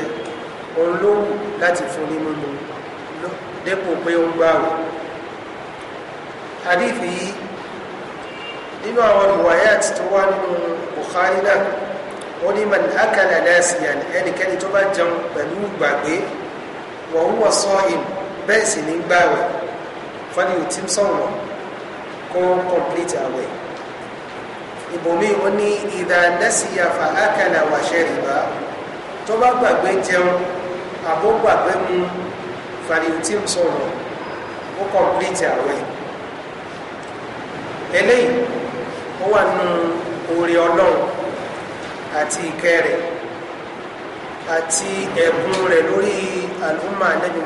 òun ló wù láti fún ní mímu dépò pé ó ń gbààwẹ̀ àdìfì yìí nínú àwọn riwayat tó wá nínú Bukhari náà ó ní man akala nasiyan ẹnikẹ́ni tó bá jẹun pẹ̀lú gbàgbé wa huwa sa'im bẹ́ẹ̀ sì ní gbààwẹ̀ fani ò tí ń sọ̀rọ̀ kó complete àwẹ̀ ìbòmí ó ní idha nasiya fa akala wa shariba tó bá gbàgbé jẹun àbó gbàgbé mu fani ò tí ń sọ̀rọ̀ kó complete àwẹ̀ eléyìí ó wà nù oore ọlọ́run àti ìkẹ́ rẹ̀ àti ẹ̀bùn rẹ̀ lórí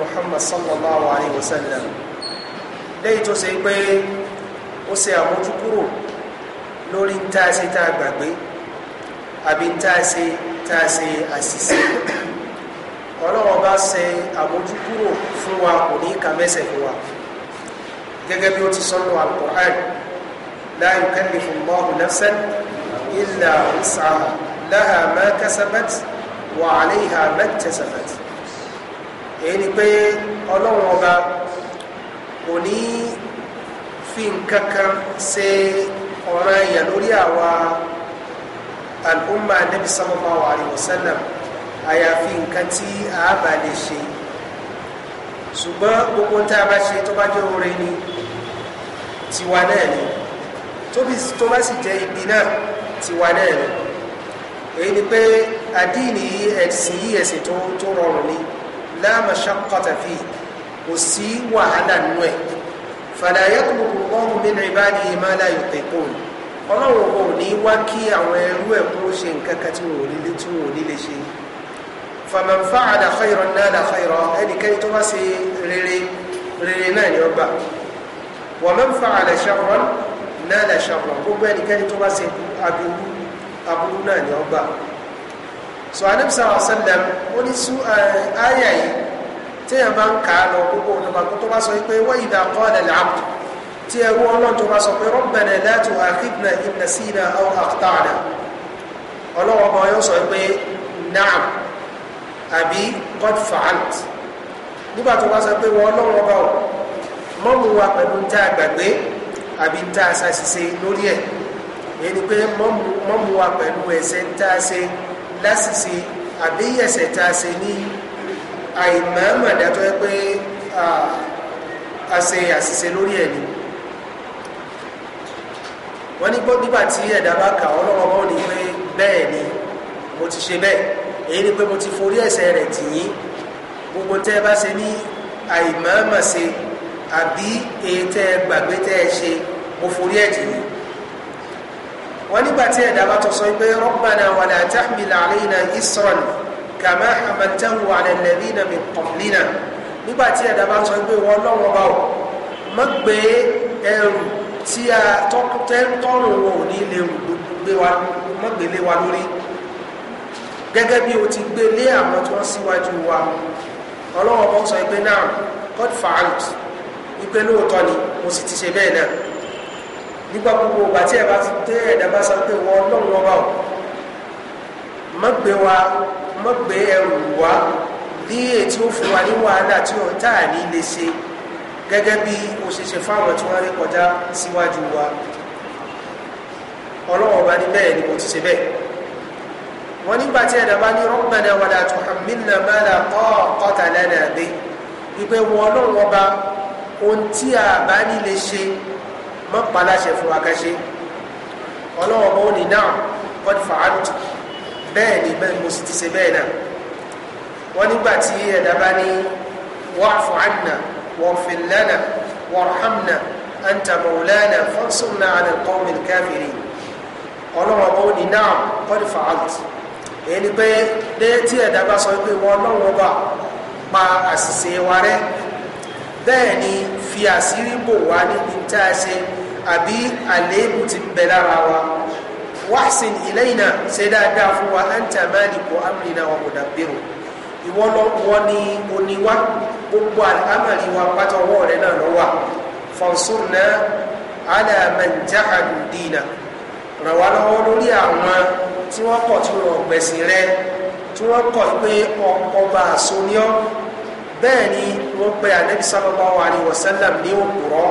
Muhammad sallallahu alayhi wa sallam lẹ́yìn tó ṣe pé ó ṣe àmójúkúrò lórí ń tá a ṣe tá a gbàgbé àbí ń tá a ṣe tá a ṣe àṣìṣe bá ṣe àmójúkúrò fún wa kò ní kàmẹ́sẹ̀ fún wa gẹ́gẹ́ bí ó al لا يكلف الله نفسا إلا وسعها لها ما كسبت وعليها ما اكتسبت èyí ni pé ọlọ́run ọba kò ní fi nǹkan kan ṣe ọ̀ràn èèyàn lórí àwa al'umma nabi sallallahu alaihi wasallam àyàfi nǹkan tí a bá lè ṣe ṣùgbọ́n gbogbo tá a bá ṣe tó bá jẹ́ oore ni tiwa náà ni tó bá sì jẹ́ ibi náà tiwa náà ni èyí ni pé àdínì ẹ̀sìn yìí ẹ̀sìn tó rọrùn ni la mashaqqata fi kò sí wàhálà nínú ẹ̀ fala yatlubu Allahu min ibadihi ma la yutiqun ọlọ́run kò ní wá kí àwọn ẹrú ẹ̀ kó ṣe nǹkan kan tí wọn ò nílé tí wọn ò nílé ṣe faman fa'ala khayran nala khayran ẹnikẹ́ni tó bá ṣe rere rere náà ni ó gbà wa man náà lè ṣàbọ̀ gbogbo ẹnikẹ́ni tó bá ṣe aburú aburú náà ni ó gbà so anamsa ọ̀sẹ̀lẹ̀m ó ní sú àyà yìí téèyàn bá ń kà á lọ gbogbo ọ̀nàmà tó bá sọ pé wọ́n ìdá kọ́ ọ̀lẹ̀ làbù tí ẹrú ọlọ́run tó bá sọ pé rabbana la tu'akhidhna in nasina aw akhta'na ọlọ́wọ́ ọmọ yóò sọ pé naam àbí god fa'alt nígbà tó bá sọ pé wọ́n ọlọ́run ọba mọ́mú wa pẹ̀lú tá a gbàgbé àbí ń tá a ṣàṣìṣe lórí ẹ̀ èyí ni pé mọ́mú wa pẹ̀lú ẹ̀ṣẹ̀ ń tá a ṣe láṣìṣe àbí ẹ̀ṣẹ̀ tá a ṣe ní àìmọ̀ọ́mọ̀ dájọ́ pé a ṣe àṣìṣe lórí ẹ̀ ni wọ́n ní nígbà tí ẹ̀dá bá kà ọ́ lọ́wọ́ wọn ni pé bẹ́ẹ̀ ni mo ti ṣe bẹ́ẹ̀ èyí ni pé mo ti forí ẹ̀ṣẹ̀ rẹ̀ tì yín gbogbo tẹ́ ẹ bá ṣe ní àìmọ̀ọ́mọ̀ ṣe àbí ètè gbàgbé tẹ́ ẹ ṣe mo forí ẹ̀jẹ̀ ni wọ́n nígbà tí ẹ̀dá bá tọ́ sọ pé rabbana wala tahmil alayna isran kama hamaltahu ala alladhina min qablina nígbà tí ẹ̀dá bá sọ pé wọ́n lọ́wọ́ bá wọ̀ má gbé ẹrù tí a tọ́rùn wọn ò ní lè gbé wa má gbé lé wa lórí gẹ́gẹ́ bí o ti gbé lé àwọn tí wọ́n síwájú wa ọlọ́wọ́ bá sọ pé náà God fa'alt wípé lóòótọ́ ni mo sì ti ṣe bẹ́ẹ̀ náà nígbà gbogbo ìgbà tí ẹ̀bá ti dé ẹ̀dá bá sọ pé wọ́n ọlọ́run ọba ò má gbé wa má gbé ẹrù wá ní ètí ó fún wa ní wàhálà tí ó táà ní lè ṣe gẹ́gẹ́ bí o ṣe ṣe fáwọn tí wọ́n rí kọjá síwájú wa ọlọ́run ọba ní bẹ́ẹ̀ ni mo ti ṣe bẹ́ẹ̀ wọ́n nígbà tí ẹ̀dá bá ní rabbana wala tuhammilna ma la taqata lana bihi ohun tí a bá ní lè ṣe mọ́ paláṣẹ fún wa ká ṣe ọlọ́wọ́ bọ́ ní náà kọ́ni fàánùtù bẹ́ẹ̀ ni bẹ́ẹ̀ mo sì ti ṣe bẹ́ẹ̀ náà wọ́n nígbà tí ẹ̀dá bá ní wa'fu 'anna waghfir lana warhamna anta mawlana fansurna 'ala al-qawmi al-kafirin ọlọ́wọ́ bọ́ ní náà kọ́ni fàánùtù èyí ni pé dé tí ẹ̀dá bá sọ pé wọ́n lọ́wọ́ bá pa àṣìṣe wa rẹ́ bẹ́ẹ̀ ni fi àṣírí bò wá níbi tá a ṣe àbí àléébù ti bẹ lára wa wáṣìn ilayna ṣe dáadáa fún wa anta maliku amrina wa mudabbiru ìwọ lọ wọ ni oníwá gbogbo àmàlí wa pátá ọwọ́ rẹ náà lọ wà fansurna ala man lọ́wọ́ lórí àwọn tí wọ́n kọ̀ tí wọ́n gbẹ̀sìn rẹ tí wọ́n kọ̀ pé ọba àsonyọ́ bẹ́ẹ̀ ni wọ́n pe anabi sallallahu alayhi wa sallam ní òpùrọ́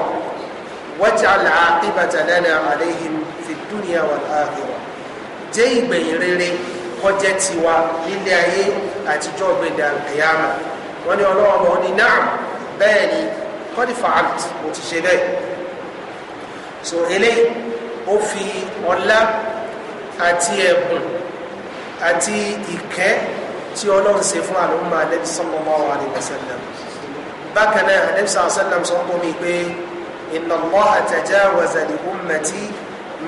waj'al aqibata lana alayhim fi dunya wal akhirah jẹ́ ìgbẹ̀yìn rere kọjẹ́ tiwa nílé ayé àtijọ́ gbẹ̀dà ẹ̀yàmà wọ́n ní ọlọ́wọ́ bọ̀ ní náà bẹ́ẹ̀ ni kọ́dí fàált mo ti ṣe bẹ́ẹ̀ so eléyìí ó fi ọlá àti ẹ̀bùn àti ìkẹ́ tí ọlọ́run ṣe fún àlùmọ́ ànábì sallallahu alaihi wasallam bákan náà ànábì sallallahu alaihi wasallam sọ fún mi pé inna Allaha tajawaza li ummati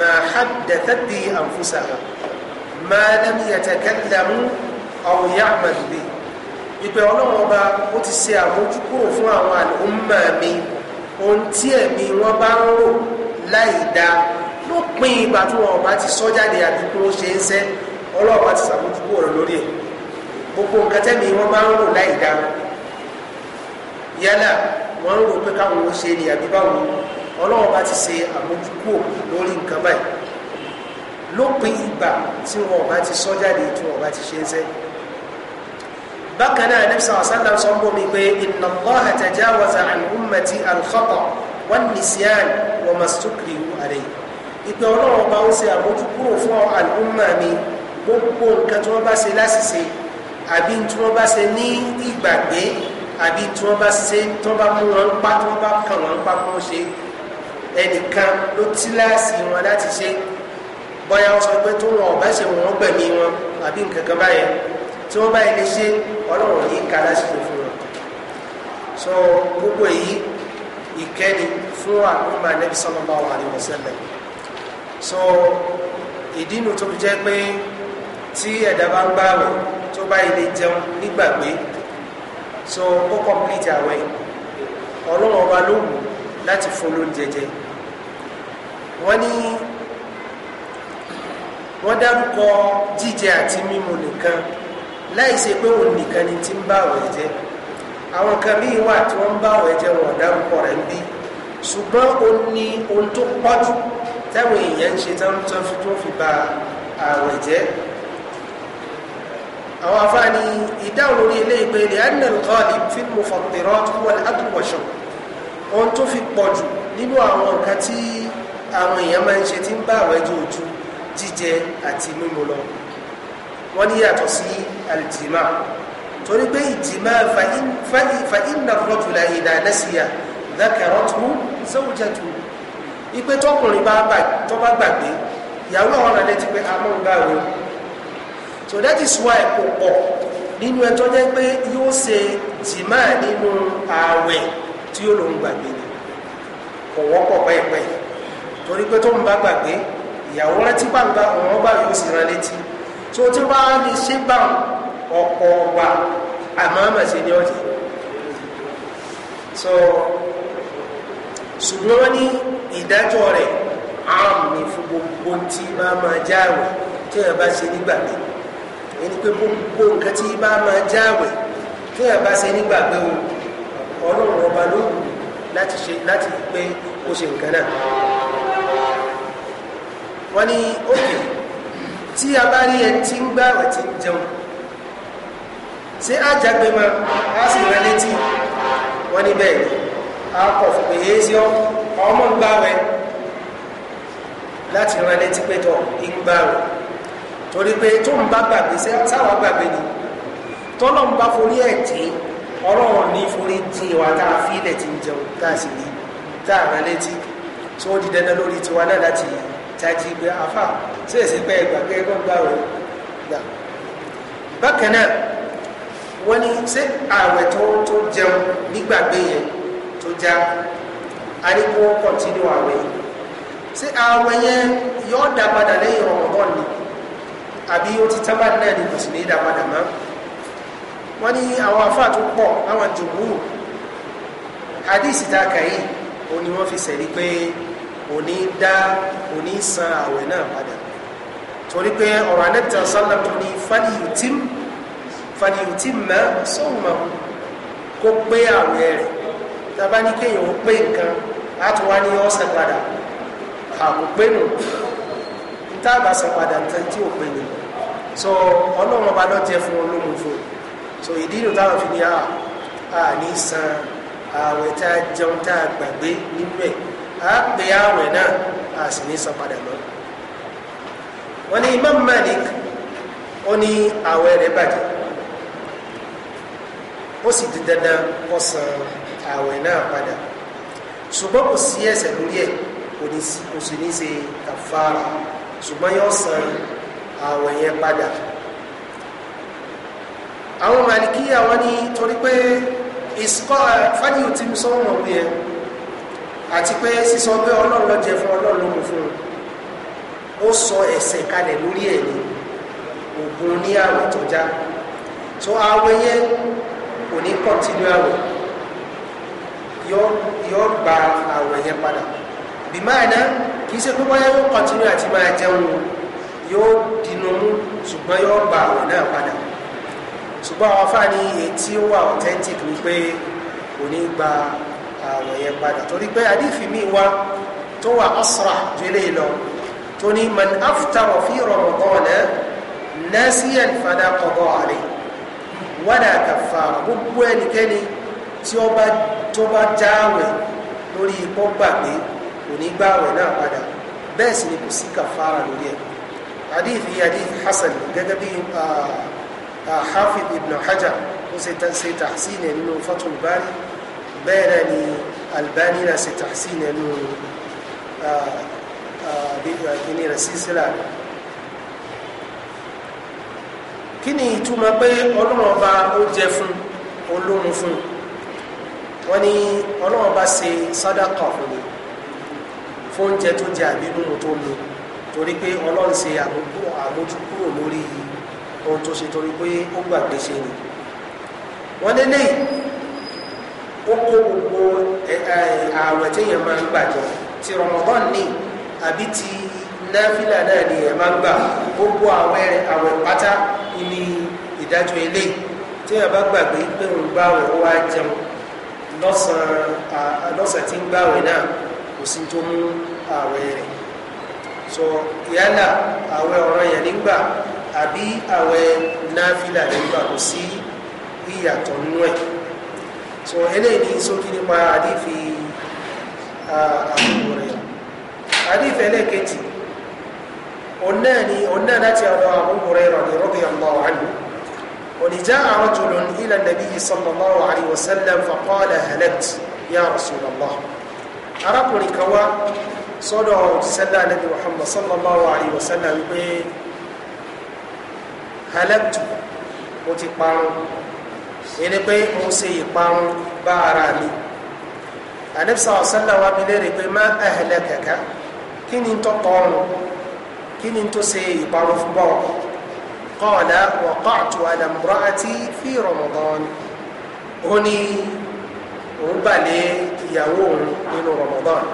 ma haddathat bi anfusaha ma lam yatakallamu aw ya'malu bi ìpè ọlọ́run ọba ó ti ṣe àmójúkúrò fún àwọn àlùmọ́ mi ohun tí ẹ̀mí wọn bá ń rò láì dáa lópin ìgbà tí wọn ọba ti sọ jáde ṣe ń sẹ́ ọlọ́ọ̀bá ti ṣàmójúkúrò lórí ẹ̀ gbogbo nǹkan tẹ́mi wọ́n máa ń rò láì dá yálà wọ́n ń rò pé káwọn ó ṣe ni àbí báwo ọlọ́run bá ti ṣe àmójúkúò lórí nǹkan báyìí lópin ìgbà tí wọn bá ti sọ jáde tí wọn bá ti ṣe ń sẹ́ bákan náà nabi sallallahu alaihi wasallam sọ mọ́ mi pé inna Allaha tajawaza an ummati al-khata wan-nisyan wa mastukrihu alayhi ìgbà ọlọ́run bá ń ṣe àmójúkúrò fún àlùmọ̀ mi gbogbo nǹkan tí wọ́n bá ṣe láṣìṣe àbí tí wọ́n bá ṣe ní ìgbàgbé àbí tí wọ́n bá ṣe tí wọ́n bá mú wọn pa tí wọ́n bá kàn wọ́n pa kó ṣe ẹnìkan ló tí láàsì wọn láti ṣe bóyá wọ́n sọ pé tó wọn ọ̀bá ṣe wọn gbẹ̀mí wọn àbí nǹkan kan báyẹn tí wọ́n báyìí lè ṣe ọlọ́run yìí ká láti ṣe fún wọn. sọ gbogbo èyí ìkẹ́ni fún àkóńbà nẹ́bí sallallahu alaihi wasallam sọ ìdí inú tó fi jẹ́ pé tí ẹ̀dá bá ń gbà wọ̀ tó bá ilé jẹun nígbàgbé so ó complete àwẹ̀ ọlọ́run ọba ló wù láti fún lóúnjẹ jẹ wọ́n ní wọ́n dárúkọ jíjẹ àti mímu nìkan láì ṣe pé òun nìkan ni ti ń bá àwẹ̀ jẹ́ àwọn kan míì wà tí wọ́n ń bá àwẹ̀ jẹ́ wọn dárúkọ rẹ̀ ń bí ṣùgbọ́n ó ní ohun tó pọ̀jù táwọn èèyàn ń ṣe táwọn tó fi bá àwẹ̀ jẹ́ àwọn afáàní ìdáhùn lórí ilé ìpè ilẹ̀ annal ghalib fil mufattirat huwa al-adl wa shurb ohun tó fi pọ̀ jù nínú àwọn nǹkan tí àwọn èèyàn máa ń ṣe tí ń bá àwọn ẹjọ́ ojú jíjẹ àti mímu lọ wọ́n ní yàtọ̀ sí aljima torí pé ìjìmá fa'inna rọ́jùlá ìdá nẹ́síyà zakaratu zawjatu ipe tọkùnrin bá gbàgbé ìyàwó àwọn ọ̀rọ̀ ti pé amóhùn báwo so that is why kò pọ̀ nínú ẹjọ́ jẹ́ pé yóò ṣe jìmá nínú ààwẹ̀ tí ó lòún gbàgbé ni kò wọ́pọ̀ pẹ́ẹ́pẹ́ torí pé tó ń bá gbàgbé ìyàwó rántí gbàǹgbà òun bá yóò sì rán létí tó tí wọ́n á lè ṣe gbà ọ̀pọ̀ wa àmọ́ àmàṣe ni ọ̀jẹ̀ so ṣùgbọ́n wọ́n ní ìdájọ́ rẹ̀ àrùn ní fún gbogbo tí máa máa jáwèé tí wọ́n bá ṣe nígbà ẹni pé gbogbo nǹkan tí bá máa jáwèé tí yàrá bá ṣe nígbàgbé o ọlọ́run ọba ló wù láti ṣe láti pé ó ṣe nǹkan náà wọ́n ní òkè tí a bá rí ẹ tí ń gbàwẹ̀ tí ń jẹun ṣé àjàgbé máa á sì rán létí wọ́n ní bẹ́ẹ̀ ni a kọ̀ fún pé èyí sí ọmọ ń gbàwẹ̀ láti rán létí pé tọ́ ń gbàwẹ̀ torí pé tó ń bá gbàgbé sáwà gbàgbé ni tọ́lọ́ ń bá forí ẹ̀ tí ọlọ́run ní forí tí wa tá a fi ilẹ̀ ti ń jẹun tá a sì ní tá a rán létí tí ó di dandan lórí tiwa náà láti tají pé afá sí èsì pé gbàgbé gbọ́ngbà rẹ̀ gbà. bákan náà wọ́n ní ṣé ààwẹ̀ tó tó jẹun nígbàgbé yẹn tó já arígbó kọ̀tínú ààwẹ̀ yìí ṣé ààwẹ̀ yẹn yóò dá padà lẹ́yìn ọ̀rọ̀ bọ́ọ̀lù àbí ó ti tábà náà ni kò sì ní ìdápadà mọ́ wọ́n ní àwọn afáà tó pọ̀ láwọn jòkó hadith ta kàyí òun ni wọ́n fi sẹ̀rí pé òní dá òní san àwẹ̀ náà padà torí pé ọ̀rọ̀ anẹ́tẹ̀ sọ́lá tó ní fàníyùtìm fàníyùtìm mẹ́ sọ́ọ̀mọ́ kó pé àwẹ̀ rẹ̀ tàbá ní kéèyàn ó pé nǹkan á tún wá ní ọ̀sẹ̀ padà àkópénù tá a bá san padà tán tí ò pé ni so ọlọ́run ọba náà jẹ́ fún olóhùn fún so ìdí inú táwọn fi ní a a ní san ààwẹ̀ tá a jẹun tá a gbàgbé nínú ẹ̀ a pè ààwẹ̀ náà a sì ní san padà lọ. wọ́n ní Imam Malik ó ní ààwẹ̀ rẹ̀ bàjẹ́ ó sì di dandan kó san ààwẹ̀ náà padà ṣùgbọ́n kò sí ẹ̀ṣẹ̀ lórí ẹ̀ kò sì ní ṣe kàfàrà ṣùgbọ́n yóò san àwẹ̀ yẹn padà àwọn màlìkí àwọn ní torí pé ìsìkọ́ fádìyù tí mo sọ wọn wí yẹn àti pé sísọ pé ọlọ́run ló jẹ fún ọlọ́run ló mú fún un ó sọ ẹ̀sẹ̀ kalẹ̀ lórí ẹ̀ ní ògùn ní àwẹ̀ tó já tó àwẹ̀ yẹn kò ní kọ́ntínú àwẹ̀ yọ gba àwẹ̀ yẹn padà bìmáàná kì í ṣe pé bóyá yóò kọ̀tínú àti máa jẹun yóò dínú mú ṣùgbọ́n yóò gba àwẹ̀ náà padà ṣùgbọ́n àwọn afá ní èyí tí ó wà authentic ni pé kò ní gba àwẹ̀ yẹn padà torí pé àdífi mi wá tó wà asra ju eléyìí lọ tó ní man aftara fi ramadana nasiyan fada qada alayhi wala kafara gbogbo ẹnikẹ́ni tí ó bá jáwẹ̀ lórí ipò gbàgbé kò ní gbá àwẹ̀ náà padà bẹ́ẹ̀ sì ni kò sí kàfàrà lórí ẹ̀ hadithi hadithi hasan gẹ́gẹ́ bí hafid ibn hajar ó ṣe ṣe tahsin ẹ̀ nínú fatul bari bẹ́ẹ̀ náà ni albani náà ṣe tahsin ẹ̀ nínú kíní rẹ̀ sísílà rẹ̀ kí ni ìtumọ̀ pé ọlọ́run ọba ó jẹ fún olóhun fún wọn ni ọlọ́run ọba ṣe sádàkà fún mi fóúnjẹ tó jẹ àbí mímu tó mu torí pé ọlọ́run ṣe àmójúkúrò lórí ohun tó ṣe torí pé ó gbàgbé ṣe ni wọ́n lélẹ̀ ó kó gbogbo ààwẹ̀ téèyàn máa ń gbàjọ ti Ramadan ní àbí ti náfìlà náà ni ẹ̀ máa ń gbà gbogbo àwẹ̀ àwẹ̀ pátá ní ìdájọ́ ilé téèyàn bá gbàgbé pé òun gbàwẹ̀ ó wá jẹun lọ́sàn-án tí ń gbàwẹ̀ náà kò sí tó mú ààwẹ̀ rẹ̀ so yálà ààwẹ̀ ọ̀ranyàn nígbà àbí ààwẹ̀ náfìlà nígbà kò sí ìyàtọ̀ nínú ẹ̀ so eléyìí ní sókí nípa àdífi àkókò rẹ̀ àdífi ẹlẹ́ẹ̀kejì ọ̀nàní ọ̀nà láti àwọn àkókò rẹ̀ rọ̀ ní radiyallahu anhu ونجاء رجل إلى النبي صلى الله عليه وسلم فقال هلكت يا رسول الله arákùnrin kan wá sọ́dọ̀ sẹ́lá nabi muhammad sallallahu alayhi wa sallam wípé halaktu mo ti parun ẹni pé mo ṣe ìparun bá ara mi anabi sallallahu alayhi wa sallam wá mi pé má ahlakaka kí ni tó kọrùn kí ni tó ṣe ìparun fún bọ́ọ̀ qala waqa'tu ala imra'ati fi ramadan ó ní òun gbà lé ìyàwó òun nínú Ramadan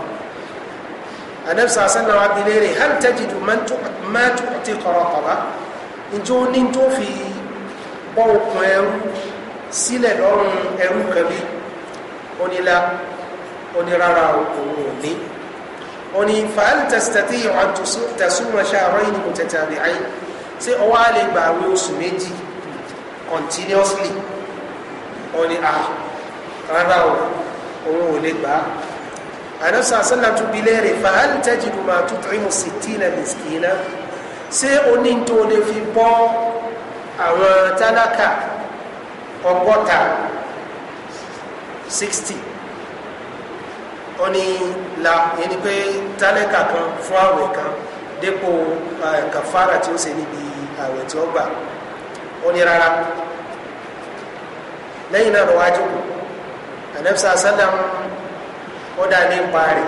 anabisa asanna wa bilere hal tajidu ma tuuti kọrọkọba njó ní tó fi bọ́ okùn ẹrú sílẹ̀ lọ́rùn ẹrú kẹbí onílà onírara òun òní oní fàálì tẹsítẹtì ìwọ̀n tẹsúnmọ̀ ṣàárọ̀ yìí ni mo tẹ̀tẹ̀ àbí ayé ṣé ọwọ́ àlè gbà wí oṣù méjì continuously oní a ah, rárá òun òun ò lè gbà á ànáṣà sọ́nà tún bi léèrè fàhán tẹ́jìdù máa tún tìrìmù sí tìǹà mìsìkìnà ṣé oní tó lè fi bọ́ àwọn tálákà ọgọ́ta sixty ó ní la ẹni pé tálákà kan fún àwẹ̀ kan dépò kàfàrà tí ó ṣe níbi àwẹ̀ tí ó gbà ó ní rárá lẹ́yìn náà lọ́wọ́ ajókòó ànẹ́bísà sálàm ó dá ní parí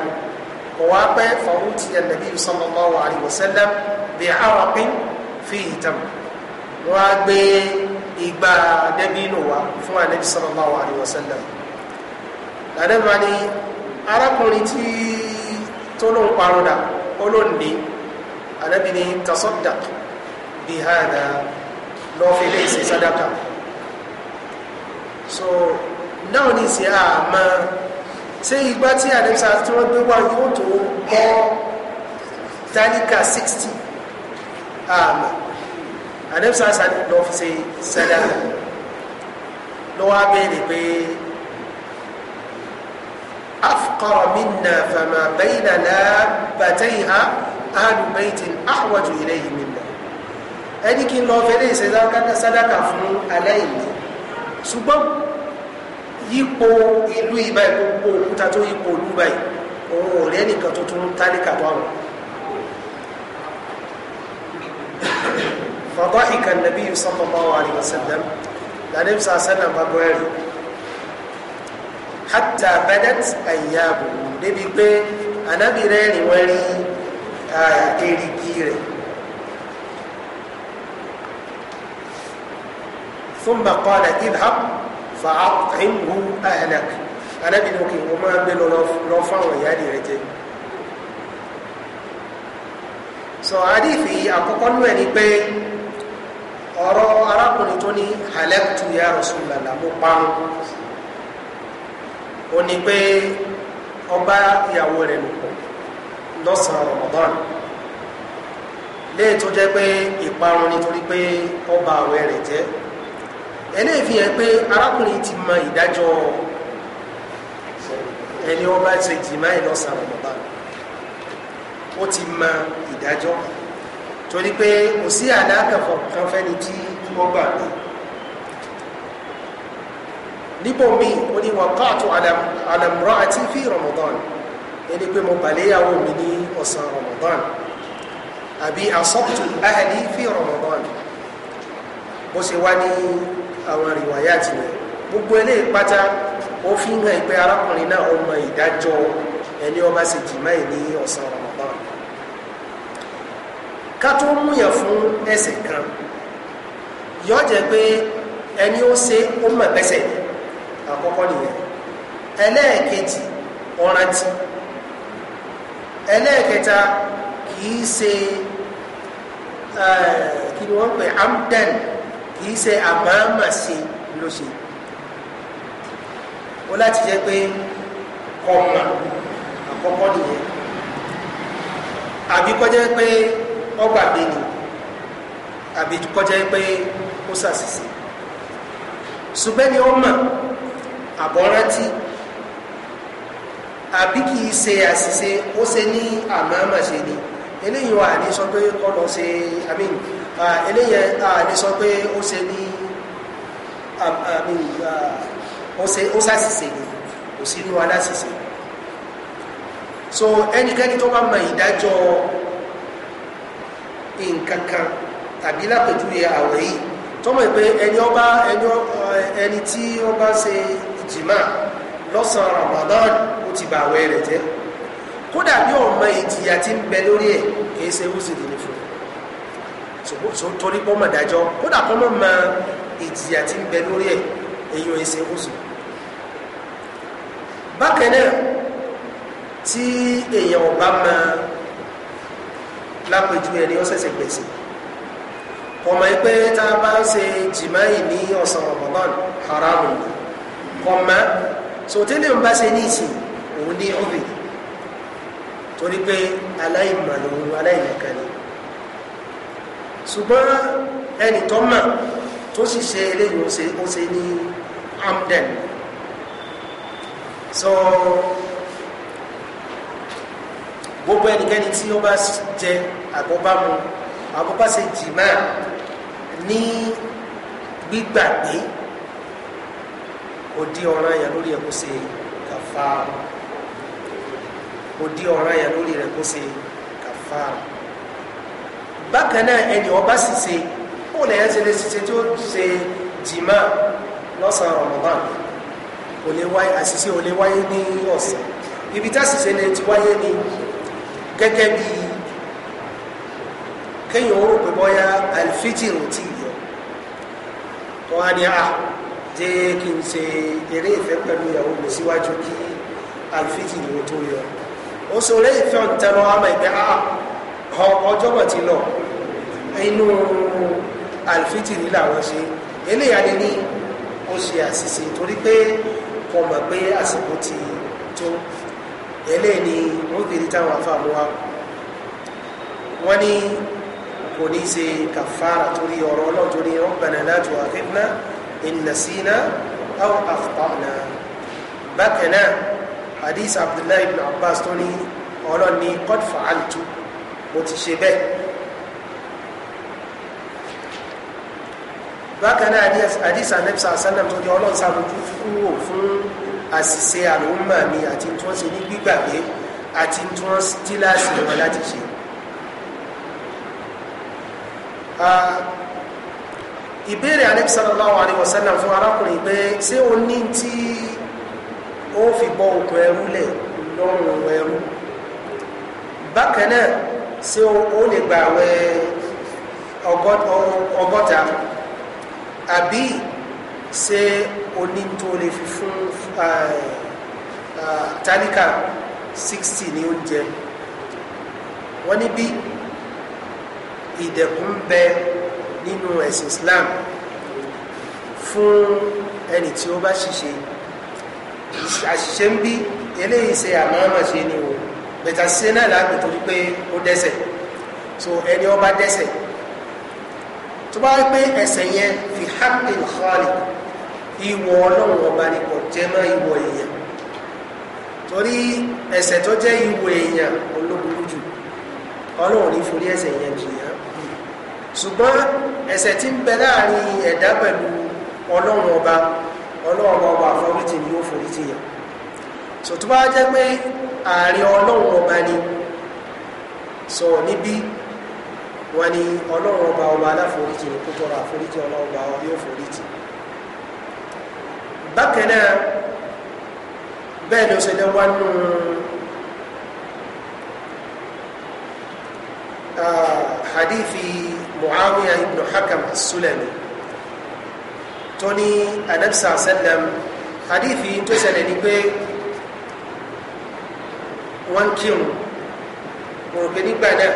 kò wá pẹ́ fọwọ́ ti ànàbí sallallahu alaihi wasallam bí araqin fi ìtàm wọ́n á gbé igba dẹ́bínú wa fún ànàbí sallallahu alaihi wasallam ànàbí wa ni arákùnrin tí tó ló ń parọ́dà olóǹde ànàbí ni tasaddaq bí hàdà lọ́ọ́ so náà ní ìsìn àmà ṣé igbá tí àdẹ́sà tí wọ́n gbé wá yóò tó bọ́ táníkà 60 àmà àdẹ́sà sani lọ fi ṣe sẹ́dá lọ́wọ́ abẹ́rẹ́ pé afqara minna fama bayna labbatayha ahlu baytin ahwaju ilayhi minna ẹni kí n lọ fẹ́lẹ́ ìṣẹ̀dá sádàkà fún aláìní ṣùgbọ́n yípo ìlú ibà gbogbo òkúta tó yípo ìlú ibà yìí òun nìkan tó tún tálíkà tó àwọn. فضحك النبي صلى الله عليه وسلم النبي صلى الله عليه حتى بدت ايابه débi pé ànábì rẹ̀ ni wọ́n rí ثم قال اذهب fa àtìmù ahlak alábìnrin òkè wọn máa gbé lọ fáwọn ìyáàdì rẹ jẹ sọ àdìfì àkọ́kọ́ nú ẹ̀ ni pé ọ̀rọ̀ arákùnrin tó ní halaktu ya Rasulullah mo parun ó ní pé ọba ìyàwó rẹ̀ lò pọ̀ Ramadan léè tó jẹ́ pé ìparun nítorí pé ọba àwẹ̀ rẹ̀ jẹ́ eléyìí fi hàn pé arákùnrin ti mọ ìdájọ́ ẹni ọba ṣe jìmá ẹ̀ lọ́sàn-án ọ̀bọ̀bá ó ti mọ ìdájọ́ torí pé kò sí àdákàfọ̀ kan fẹ́ni tí wọ́n gbà mí níbò mi ó ní wọn káàtó àlàmúrà àti fi Ramadan ẹni pé mo bàléyàwó mi ní ọ̀sán Ramadan àbí asọ́tù ahli fi Ramadan bó ṣe wá ní àwọn àríwáyà ti rẹ̀ gbogbo eléyìí pátá ó fi ń hàn pé arákùnrin náà ọmọ ìdájọ́ ẹni ọba sì jìmá ẹ̀ ní ọ̀sán Ramadan ká tó múyàn fún ẹsẹ̀ kan yọ jẹ́ pé ẹni ó ṣe ó mọ̀ pẹ́sẹ̀ àkọ́kọ́ nìyẹn ẹlẹ́ẹ̀kejì ọ̀rántí ẹlẹ́ẹ̀kẹta kìí ṣe kí ni wọ́n pè amden kì í ṣe àmàmà ṣe ló ṣe ó láti jẹ́ pé kọ̀ọ̀mà àkọ́kọ́ nìyẹn àbí kọjá pé ọgbà mi ni àbí kọjá pé ó ṣàṣìṣe ṣùgbọ́n ni ó mọ̀ àbọ̀rántí àbí kì í ṣe àṣìṣe ó ṣe ní àmàmà ni eléyìí wà ní sọ pé kọ́ lọ ṣe àmì nìyí. Ah, eléyẹ ààrẹ ah, sọ pé ó ṣe ní ah, ó ṣàṣìṣe ni kò sí inú aláṣìṣe so ẹnikẹ́ni tó bá mọ ìdájọ́ nǹkan kan tàbí lápẹ̀júwe àwẹ̀ yìí tọ́mọ̀ ìpé ẹni ọba ẹni tí ó bá ṣe jìmá lọ́sàn Ramadan ó ti bà àwẹ̀ rẹ̀ jẹ́ kódà bí ọmọ ìjìyà ti ń bẹ lórí ẹ̀ kìí ṣe ó sì dì ní fún so torí pọ́ mọ̀ dájọ́ kódà kọ́ mọ̀ mọ ìjìyà tí ń bẹ lórí ẹ̀ èyí ò ṣe kóso bákan náà tí èèyàn ọba mọ lápẹjù ẹni ọ̀sẹ̀sẹ̀ gbèsè ọmọ ẹgbẹ́ tá a bá ń ṣe jìmáì ní ọ̀sán Ramadan haramu kọ́mọ́ sòtẹ́lẹ̀ ń bá ṣe ní ìsìn òun ní ọ̀bẹ̀ torí pé aláìmọ̀ lòun aláìmọ̀kan ni ṣùgbọ́n ẹni tó mọ̀ tó sì ṣe eléyìí ó ṣe ní amden so gbogbo ẹnikẹ́ni tí ó bá jẹ àbọ̀bámu àbọ̀bá ṣe jìmá ní gbígbàgbé òdi ọ̀ràn yẹn lórí ẹ̀ kó ṣe kàfáà òdi ọ̀ràn yẹn lórí rẹ̀ kó bákan náà ẹni ọba ṣiṣe ó lẹ́yìn ṣe lè ṣiṣe tí ó ṣe jìmá lọ́sàn-án Ramadan ò lè wáyé àṣìṣe ò lè wáyé ní ọ̀sán ibi tá ṣiṣe lè ti wáyé ni gẹ́gẹ́ bí kéèyàn ó rò pé bọ́yá alifítìrì ti yọ tó wá ní a jẹ́ kí n ṣe eré ìfẹ́ pẹ̀lú ìyàwó mi síwájú kí alifítìrì tó yọ ó sọ eré ìfẹ́ ọ̀tẹ́lọ́ àmọ́ ìgbẹ́ a ọjọ́bọ̀ ti lọ inú alfitiri làwọn ṣe eléyà ni ní ó ṣe àṣìṣe torí pé kò mọ̀ pé àsìkò ti tó eléyà ni wọ́n kiri táwọn afáàmù wa wọ́n ní kò ní ṣe kàfàrà torí ọ̀rọ̀ ọlọ́run torí rabbana la tu'akhidhna in nasina aw akhta'na bákan náà hadith abdullahi ibn abbas tó ní ọlọ́run ní qad mo ti ṣe bẹ́ẹ̀ bákan náà àdìs anẹ́bísà sálẹ̀m tó ní ọlọ́run sàmójú kúrò fún àṣìṣe àlòmà mi àti tí wọ́n ṣe ní gbígbàgbé àti tí wọ́n tíláàsì wọn láti ṣe ìbéèrè ànábì sallallahu alaihi wasallam fún arákùnrin pé ṣé o ní tí ó fi bọ́ okùn ẹrú lẹ̀ lọ́rùn ẹrú bákan ṣé ó lè gba àwẹ̀ ọgọ́ta àbí ṣé oní tó lè fi fún tálíkà 60 ní oúnjẹ wọ́n ní bí ìdẹ̀kùn bẹ nínú ẹ̀sìn Islam fún ẹni tí ó bá ṣiṣẹ́ àṣìṣe ń bí eléyìí ṣe àmọ́ àmọ́ ṣe ni o bẹ̀tà ṣe náà lágbè torí pé ó dẹ́sẹ̀ so ẹni ọba dẹ́sẹ̀ tó bá pé ẹsẹ̀ yẹn fi haqqil khaliq ìwọ ọlọ́run ọba ni kò jẹ́ mọ́ ìwọ èèyàn torí ẹsẹ̀ tó jẹ́ ìwọ èèyàn olóburú jù ọlọ́run ní forí ẹsẹ̀ yẹn jìyàn ṣùgbọ́n ẹsẹ̀ tí ń bẹ láàrin ẹ̀dá pẹ̀lú ọlọ́run ọba ọlọ́run ọba àforíjì ni ó forí jìyàn so tó bá jẹ́ pé ààrẹ ọlọ́run ọba ni so níbí wọ́n ní ọlọ́run ọba ọba aláforíjì ní kó tọrọ àforíjì ọlọ́run ọba yóò foríjì bákan náà bẹ́ẹ̀ ni ó ṣe lè wá nù hadithi muawiya ibn hakam as tó ní anabisa sallam hadithi tó ṣẹlẹ̀ ni pé wọ́n kírun mo rò pé nígbà náà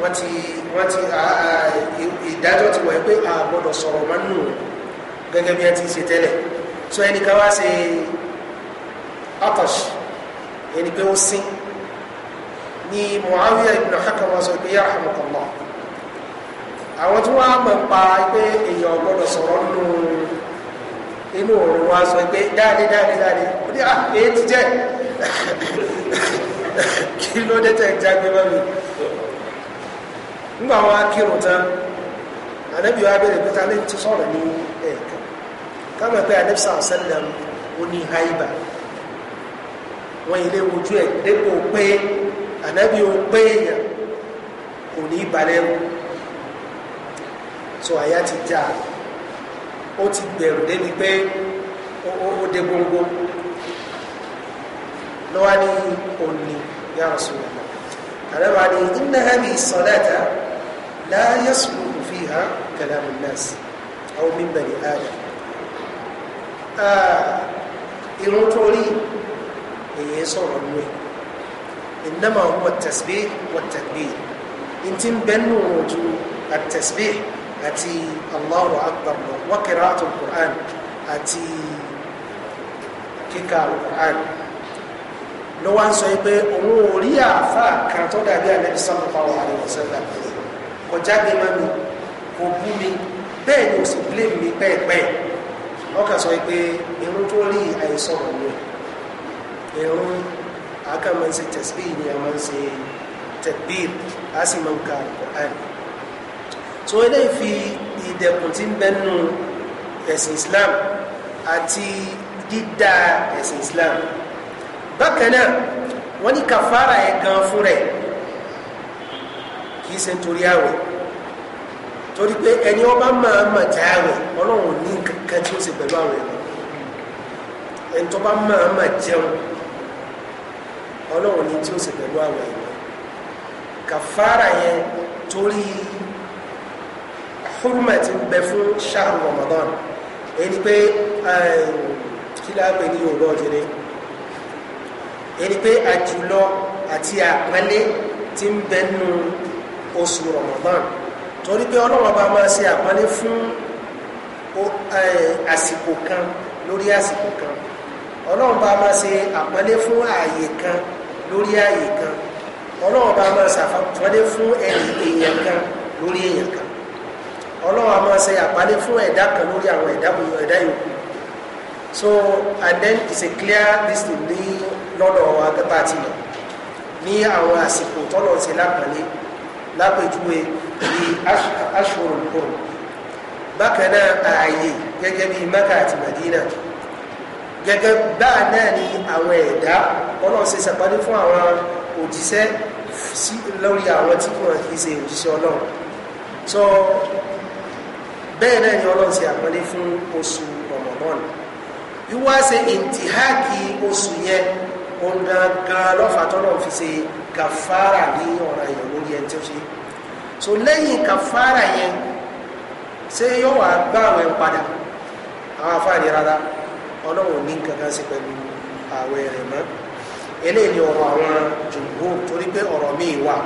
wọ́n ti wọ́n ti ìdájọ́ ti wọ̀ ẹ́ pé àgbọ̀dọ̀ sọ̀rọ̀ máa ń nù gẹ́gẹ́ bí ẹ ti ṣe tẹ́lẹ̀ so ẹnì kan wá ṣe atash ẹni pé ó sín ni Muawiya ibn Hakam wá sọ pé yá àmọ̀kànlá àwọn tí wọ́n á mọ̀ pa pé èèyàn ọ̀gbọ́dọ̀ sọ̀rọ̀ nù inú òòrùn wa sọ pé dáadé dáadé dáadé ó ní àpè ah, ti jẹ́ kí ló dé tẹ̀ jágbe mọ́ mi nígbà wọn kírun tán ànábì wa bẹ̀rẹ̀ pé ta ti sọ̀rọ̀ ní ẹ̀ẹ̀kan káwọn pé ànábì sàlẹ̀ ó ní haiba wọn ilé ojú ẹ̀ dépò pé ànábì ó pé èèyàn kò ní balẹ̀ wù so àyà ti já ó ti bẹ̀rù débi pé ó dé gbogbo lọ́wọ́ ní òní ya Rasulullah àrẹ́wà ní inna hadhihi salata la yasluhu fiha kalamu an-nas aw min bani adam irun tó rí èyí sọ̀rọ̀ nú ẹ̀ innama huwa at-tasbih wat-takbir ntí ń bẹ́ẹ̀ nù ojú at-tasbih àti Allahu akbar wa qira'atul Qur'an àti kíkà al ló wá ń sọ pé òun ò rí àáfà kan tó dàbí ànábì sallallahu alaihi wasallam kò jáde mọ́ mi kò bú mi bẹ́ẹ̀ ni ò sì blame mi pẹ́ẹ̀pẹ́ wọ́n kà sọ pé irun tó rí àìsọ̀rọ̀ mi irun àkàmọ́ ṣe tẹ̀síbí ni a máa ń ṣe tẹ̀bíl a sì máa ń ka Al-Qur'an so fi ìdẹ̀kùn tí ń bẹ́nu ẹ̀sìn Islam àti dídá ẹ̀sìn Islam bákan náà wọ́n ní kàfàrà ẹ̀ gan fún rẹ̀ kìí ṣe nítorí àwẹ̀ torí pé ẹni ọba máa mà já àwẹ̀ ọlọ́run ní kankan tí ó ṣe pẹ̀lú àwẹ̀ rẹ̀ ẹni tó bá máa mà jẹun ọlọ́run ní tí ó ṣe pẹ̀lú àwẹ̀ rẹ̀ kàfàrà yẹn torí hurma ti bẹ fún ṣáà Ramadan ẹni pé kí láàpẹ ní yorùbá ọjọ́ rẹ̀ ẹni pé àjùlọ àti àpẹẹlẹ ti ń bẹ oṣù Ramadan torí pé ọlọ́wọ́n bá máa ṣe àpẹẹlẹ fún àsìkò kan lórí àsìkò kan ọlọ́wọ́n bá máa ṣe àpẹẹlẹ fún ààyè kan lórí ààyè kan ọlọ́wọ́n bá máa ṣàpẹẹlẹ fún èèyàn kan lórí èèyàn kan ọlọ́wọ́n a máa ṣe àpẹẹlẹ fún ẹ̀dá kan lórí àwọn ẹ̀dá yòókù so and then it's a clear distinct lọ́dọ̀ wa gbẹ́bà ti lọ ní àwọn àsìkò tọ́lọ̀ ṣe lápẹ̀lẹ́ lápẹ̀júwe ní aṣọ́rò kòrò bákan náà ààyè gẹ́gẹ́ bí mẹ́kà àti madina gẹ́gẹ́ báà náà ni àwọn ẹ̀dá ọlọ́run ṣe ṣàpàdé fún àwọn òjíṣẹ́ lórí àwọn tí wọ́n fi ṣe òjíṣẹ́ ọlọ́run so bẹ́ẹ̀ náà ni ọlọ́run ṣe àpàdé fún oṣù rọmọbọ́ọ̀lù wíwá ṣe ìntìhákì oṣù yẹn òun gangan lọ́fà tọ́lọ̀ fi ṣe kàfàrà ní ọ̀ràn èèyàn lórí ẹni tí ó ṣe so lẹ́yìn kàfàrà yẹn ṣé yóò wá gbá àwẹ̀ padà àwọn afáàní rárá ọlọ́run ní kankan sí pẹ̀lú àwẹ̀ rẹ̀ mọ́ eléyìí ni ọ̀rọ̀ àwọn jùmọ̀ torí pé ọ̀rọ̀ míì wà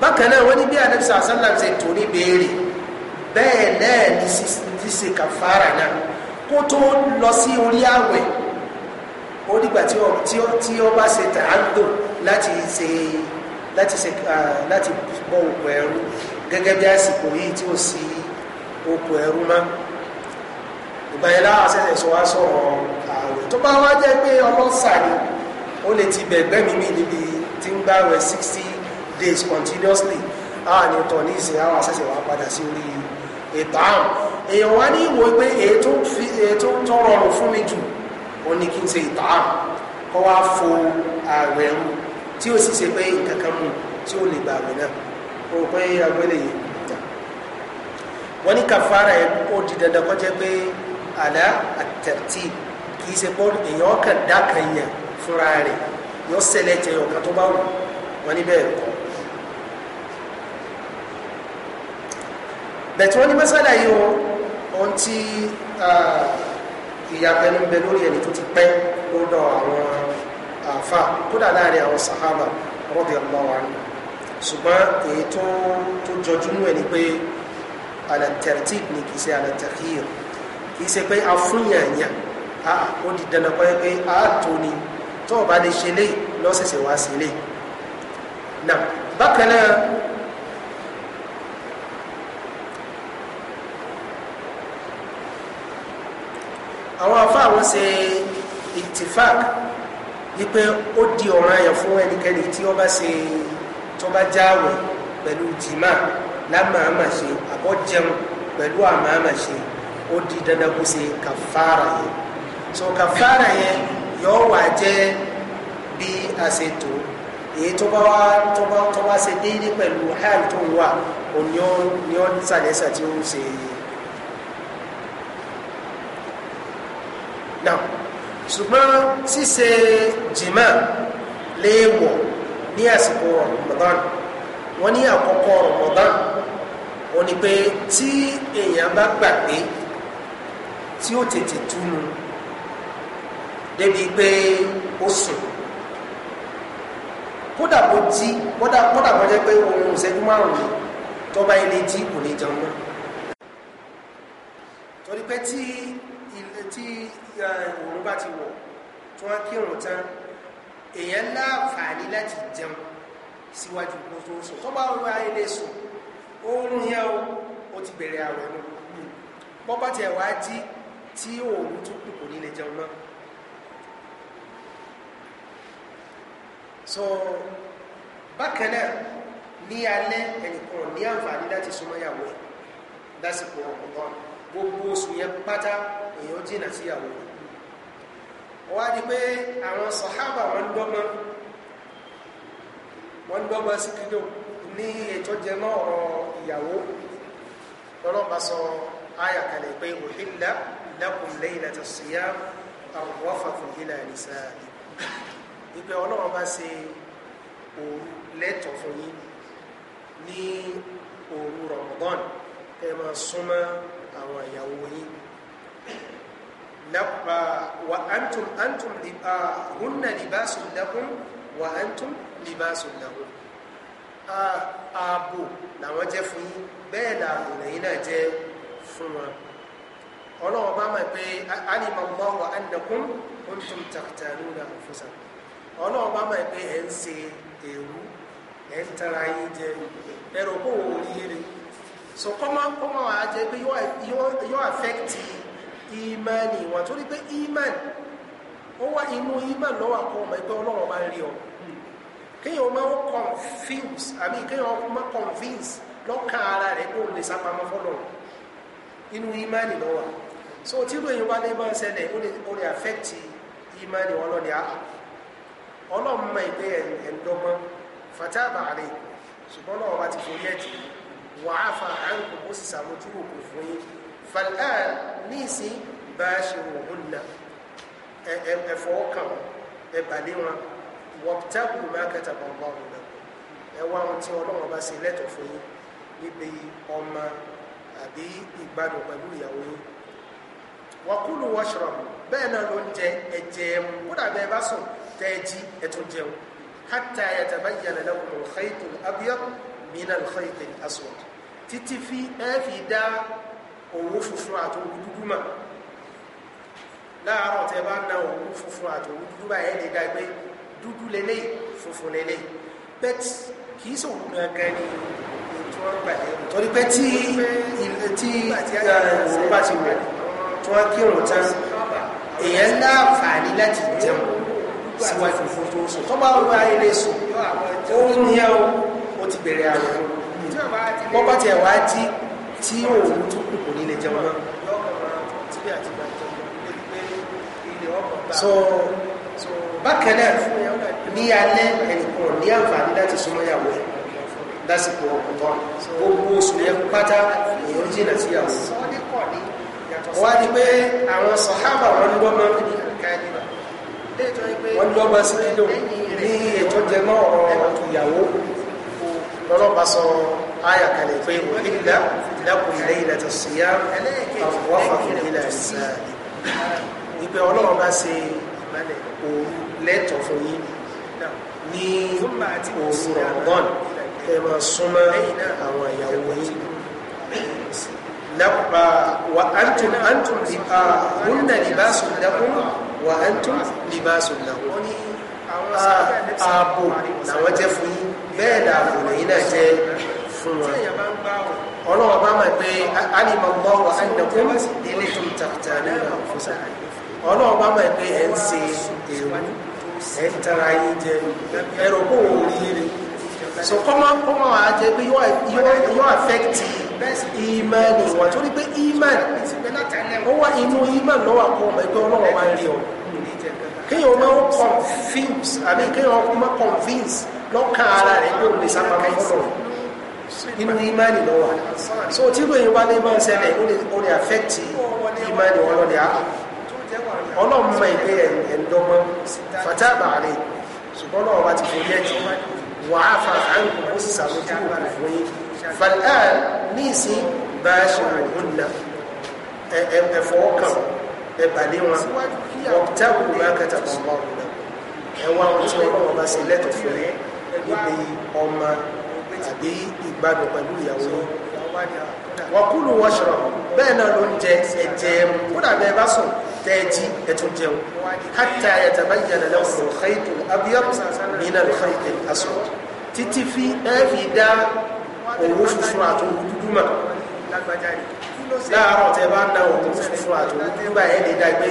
bákan náà wọ́n ní bí anabisa asálàm ṣe torí béèrè bẹ́ẹ̀ náà ní ṣe kàfàrà náà kó tó lọ sí orí àwẹ̀ ó dìgbà tí ọ tí ọ tí ọ bá ṣe tààdò láti ṣe láti ṣe láti bọ òkú ẹrú gẹ́gẹ́ bí àsìkò yìí tí ó sí òkú ẹrú má ìgbà yẹn láwọn ṣẹ̀ṣẹ̀ sọ wá sọ̀rọ̀ ààrùn tó bá wá jẹ́ pé ọlọ́sà ó lè ti bẹ̀gbẹ́ mi níbi tí ń gbààwẹ̀ sixty days continuously àwọn àni tọ̀ ní ìsìn àwọn àṣẹ̀ṣẹ̀ wá padà sí orí ètò àrùn èèyàn wá ní ìwò pé èyí tó ń tọrọ ọ̀rùn fún mi jù ó ní kí n ṣe fo ààwẹ̀ tí ó sì ṣe pé nǹkan tí ó lè gba ààwẹ̀ náà ó pé agbélé yìí níta wọ́n ní kàfàrà di dandan kọ́ jẹ́ pé àlá àtẹ̀tì kì í ṣe pé èèyàn kàn dá kan yàn fúnra rẹ̀ yọ sẹlẹ̀ tẹ̀ ọ̀kan tó bá wù wọ́n ní bẹ́ẹ̀ o ohun tí ah, ìyapẹnu bẹ lórí ẹni tó ti pẹ́ lọ́dọ̀ àwọn àfa kódà láàrin àwọn sàhábà radiyallahu anhu ṣùgbọ́n èyí tó tó jọjú nú ẹni pé ala tartib ni kìí ṣe ala takhir kìí ṣe pé afúnyànyà ó di dandan pé pé a tó ni tó o bá lè ṣe lé lọ́sẹ̀sẹ̀ wá sí lé. bákan náà àwọn afá àwọn ṣe ìtìfák wípé ó di ọ̀ràn ayàn fún ẹnikẹ́ni tí ó bá ṣe tó bá jáwẹ̀ pẹ̀lú jìmá lámàámà ṣe àbọ̀ jẹun pẹ̀lú àmàámà ó di dandan kó ṣe kàfàrà yẹn so kàfàrà yẹn yóò wà jẹ́ bí a ṣe tó èyí tó bá wá tó bá ṣe déédéé pẹ̀lú hàn tó ń wà òun ni ó ń ṣàlẹ́sà tí ó ń ṣe yìí. ṣùgbọ́n ṣíṣe jìmá léèwọ̀ ní àsìkò Ramadan wọ́n ní àkọ́kọ́ Ramadan wọ́n ní pé tí èèyàn bá gbàgbé tí ó tètè túnu débi pé ó sùn kódà kó jí kódà kódà kó jẹ́ pé ohun ìṣẹ́jú márùn-ún tọ́ba ilé jí kò ní jẹun mọ́ torí pé tí tí òun bá ti wọ̀ tí wọ́n kírun tán èèyàn láǹfààní láti jẹun síwájú kó tó sùn tó bá wá ilé sùn oorun yẹn o ó ti bẹ̀rẹ̀ àwẹ̀ nù bọ́bá tiẹ̀ wá jí tí òun tún kù kò ní jẹun náà so bákan náà ní alẹ́ ẹnìkan ní àǹfààní láti súnmọ́ ìyàwó ẹ̀ lásìkò ọ̀gbọ̀n gbogbo oṣù yẹn pátá èèyàn jìnà sí àwọn wọ́n á di pé àwọn sàhábà wọn ń dọ́gbọ́n wọ́n ń dọ́gbọ́n sí kíndò ní ètò jẹmọ́ ọ̀rọ̀ ìyàwó lọ́lọ́ba sọ ayà pé òhìlá lakum laylata siyam àwọ̀fàfù ila nisaa'i ìgbẹ́ ọlọ́wọ́ bá ṣe òru lẹ́tọ̀ fún yín ní òru Ramadan ẹ máa súnmọ́ àwọn ìyàwó yín lápá wà antum antum hunna libasun lakum wà antum libasun lahum ààbò làwọn jẹ́ fún yín bẹ́ẹ̀ lààbò lẹ́yìn náà jẹ́ fún wọn ọlọ́wọ́ bá mọ̀ pé alima Allahu annakum kuntum taqtaluna anfusakum ọlọ́wọ́ bá mọ̀ pé ẹ̀ ń ṣe èrú ẹ̀ ń tara yín jẹ ẹ̀rọ kó wò ó yé ni so kọ́mọ kọ́mọ wàá jẹ́ pé yóò affect ìmánì wọn torí pé ìmánì ó wá inú ìmánì lọ́wọ́ àkọ́ ọmọ ẹgbẹ́ ọlọ́wọ́ bá rí ọ kéèyàn máa ń confuse àbí kéèyàn máa convince lọ́kàn ara rẹ̀ kó lè sápamọ́ fọ́lọ̀ inú ìmánì lọ́wọ́ so tí ìròyìn wá lè máa ṣẹlẹ̀ ó lè affect ìmánì wọn lọ́ni àá ah, ọlọ́run mọ ìgbé ẹ̀ńdọ́gbọ́n fatah bàárẹ̀ ṣùgbọ́n náà wọ́n bá ti forí ẹ̀ jì í wàáfà àǹkù ó sì sàmójú òkú fún yín fal'an ní ìsín bashiruhunna ẹ̀fọ́ kan ẹ̀bàlẹ̀ wọn wabtagu ma kataba Allahu lakum ẹwà ohun tí ọlọ́run bá ṣe lẹ́tọ̀ fún yín níbi ọmọ àbí ìgbádùn pẹ̀lú ìyàwó yín wakulu washrabu bẹ́ẹ̀ náà ló ń jẹ ẹ̀jẹ̀ ẹ̀mú kódà bẹ́ẹ̀ bá sùn tẹ́ ẹ jí ẹ̀tún jẹun hatta yatabayyana lakum al-khayt al-abyad min al-khayt al-aswad títí fi ẹ fi dá òwú funfun àti òwú dúdú mà láàárọ̀ tẹ bá na òwú funfun àti òwú dúdú mà ẹ lè dá gbé dúdú lélẹ̀ funfun lélẹ̀ bẹ́ẹ̀ kì í sòwò gangan ni ètò ọ̀rọ̀ pé tí tí òwú bá ti wẹ̀ tí wọ́n kírun tán èèyàn ní láti jẹun síwájú fún tó sùn tó bá wọ ayé lè sùn ó ní ẹ o ó ti bẹ̀rẹ̀ àwọn ọmọ bọ́ bá tiẹ̀ wá jí tí òun tún kù ní lè jẹun náà so ní alẹ́ ẹnìkan ní àǹfààní láti súnmọ́ ìyàwó lásìkò ọ̀pọ̀tọ́ gbogbo oṣù yẹn pátá èèyàn jìnà sí ìyàwó wá ní pé àwọn sọ̀hábà wọn lọ́mọ wọn lọ́mọ sí kílò ní ètò jẹmọ́ ọ̀rọ̀ ìyàwó lọ́lọ́pàá sọ aya kalẹ̀ pé ìlà lakum laylata siyam àwọ̀fàkùn ilẹ̀ sáà ìpè ọlọ́run bá ṣe òru lẹ́tọ̀ fún yín ní òru rọ̀gbọ́n ẹ máa súnmọ́ àwọn ìyàwó yín lápá wa antum antum liba hunna libasun lakum wa antum libasun lahun ààbò làwọn jẹ́ fún yín bẹ́ẹ̀ làbò lẹ́yìn náà jẹ́ fún wọn ọlọ́wọ́ bá mọ̀ pé alìmọ̀gbọ́ wà ánìyànkú ilé tó tàkìtà náà fúnṣà ọlọ́wọ́ bá mọ̀ pé ẹ̀ ń ṣe èrò ẹ̀ ń tara yín kó wò rí rí so kọ́mọ́ kọ́mọ́ wa jẹ pé yóò affect ìmánì wa torí pé ìmánì ó wà inú ìmánì lọ́wọ́ àkọ́ ọmọ ẹgbẹ́ ọlọ́wọ́ máa ń rí ọ kéèyàn máa ń confuse àbí kéèyàn máa confuse lọ́kàn ara rẹ̀ yóò lè sábà máa ń inú imani lọ wà so tí ròyìn wá lè máa ṣẹlẹ̀ ó lè àfẹ́tì imani ọlọ́dẹ àá ọlọ́run mọ ìgbé ẹ̀ndọ́mọ́ fatábà rẹ̀ ṣùgbọ́n náà wá ti forí ẹ̀ tí wà á fa àǹkù ó sì sàmójú òkú ọmọ àbí ìgbádùn pẹ̀lú ìyàwó wọ̀kúlù wọ́ṣọ̀rọ̀ bẹ́ẹ̀ náà ló ń jẹ ẹ̀jẹ̀ mu kódà bẹ́ẹ̀ bá sùn tẹ́ẹ̀jì ẹ̀tún jẹun hátà yatabayyana lahu al-khaytu al-abyad min al-khayti al-aswad títí fi ẹ́ẹ̀fì dá òwú funfun àti òwú dúdú mà láàárọ̀ tẹ́ bá ń dá òwú funfun àti òwú dúdú mà ẹ̀ lè dá gbé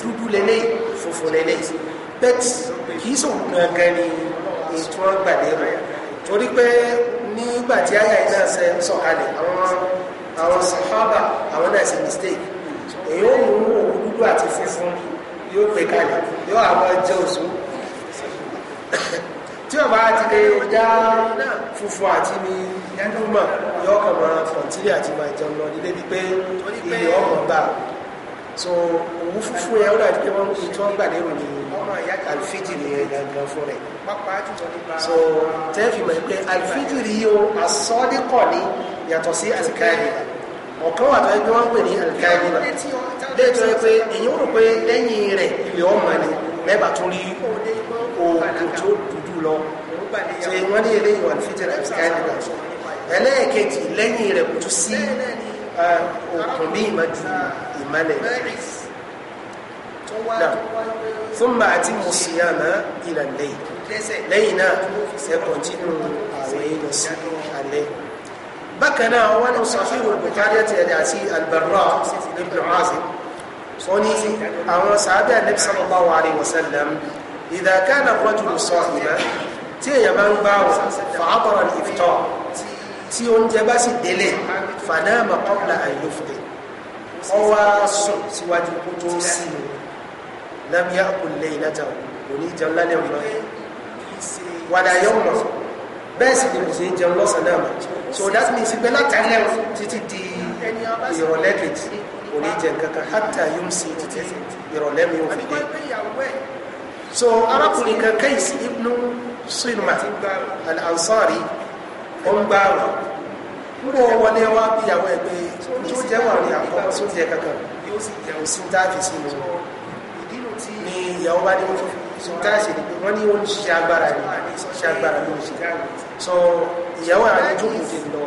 dúdú lélẹ̀ funfun lélẹ̀ bẹ́ẹ̀ kì í sọ̀rọ̀ gangan ni ètò ọgbà lẹ́rọ̀ torí pé nígbà tí àyà yìí náà ṣe ń sọ̀kalẹ̀ àwọn àwọn sàhábà àwọn náà ṣe mistake èyí ó mú òun dúdú àti funfun yóò pè kalẹ̀ yóò àwọn jẹ́ òṣù tí ọba ti lè dá funfun àti mi dúdú mọ̀ yóò kàn máa fọ̀ntìrì àti máa jẹun lọ nílé wípé iye ọmọ bá a so òun fúfú yẹn ó dàbí pé wọ́n ń tọ́ gbà lérò ní alifijiri yẹn gangan fún rẹ̀ so tẹ́ẹ̀fì mọ̀ pé alifijiri yìí ó asọ́díkọ̀ ní yàtọ̀ sí alikari ọ̀kan wà tó ẹgbẹ́ wọn pè ní alikari lẹ́tọ́ ẹ pé èyí ó rò pé lẹ́yìn rẹ̀ ilẹ̀ ọmọ ni lẹ́bà tó rí oògùn tó dúdú lọ so wọ́n ní eléyìí alifijiri alikari ẹlẹ́ẹ̀kejì lẹ́yìn rẹ̀ kò tún sí oògùn ní ìmọ̀jú نعم. ثم أتم الصيام إلى الليل لينا سيكونتين عليه الليل بكنا وانا صحيح البخاري يدعسي البراء ابن عازم صوني أو سعادة النبي صلى الله عليه وسلم إذا كان الرجل صاحبا تي يمان باو فعبر الإفطار تي انجباسي ديلي فنام قبل أن يفطر ọwọ́ sùn síwájú kó tó sí mi lábíyá kùnlẹ̀ ìlàjà òní ìjẹun lálẹ́ ọ̀nà wàdà yọ̀ mọ̀ bẹ́ẹ̀ sì ni kò jẹun lọ́sàn so that means pé látàlẹ́ títí di ìrọ̀lẹ́ kejì òní jẹ kankan hátà yóò sí títí ìrọ̀lẹ́ mi ò fi dé so arákùnrin kan kẹ́yìsì ibnu sinma al-ansari ó ń gbà nígbà wọn wọlé wá bí ìyàwó ẹ pé tí ó jẹ wà ní àkọ́kọ́ tí ó jẹ kankan yóò sì jẹ òsín táàfì sí wọn ni ìyàwó bá ní wọn fi táàsì ni wọn ní wọn ṣiṣẹ́ agbára ni ṣiṣẹ́ agbára ló ń ṣe so ìyàwó àwọn tó kù ti lọ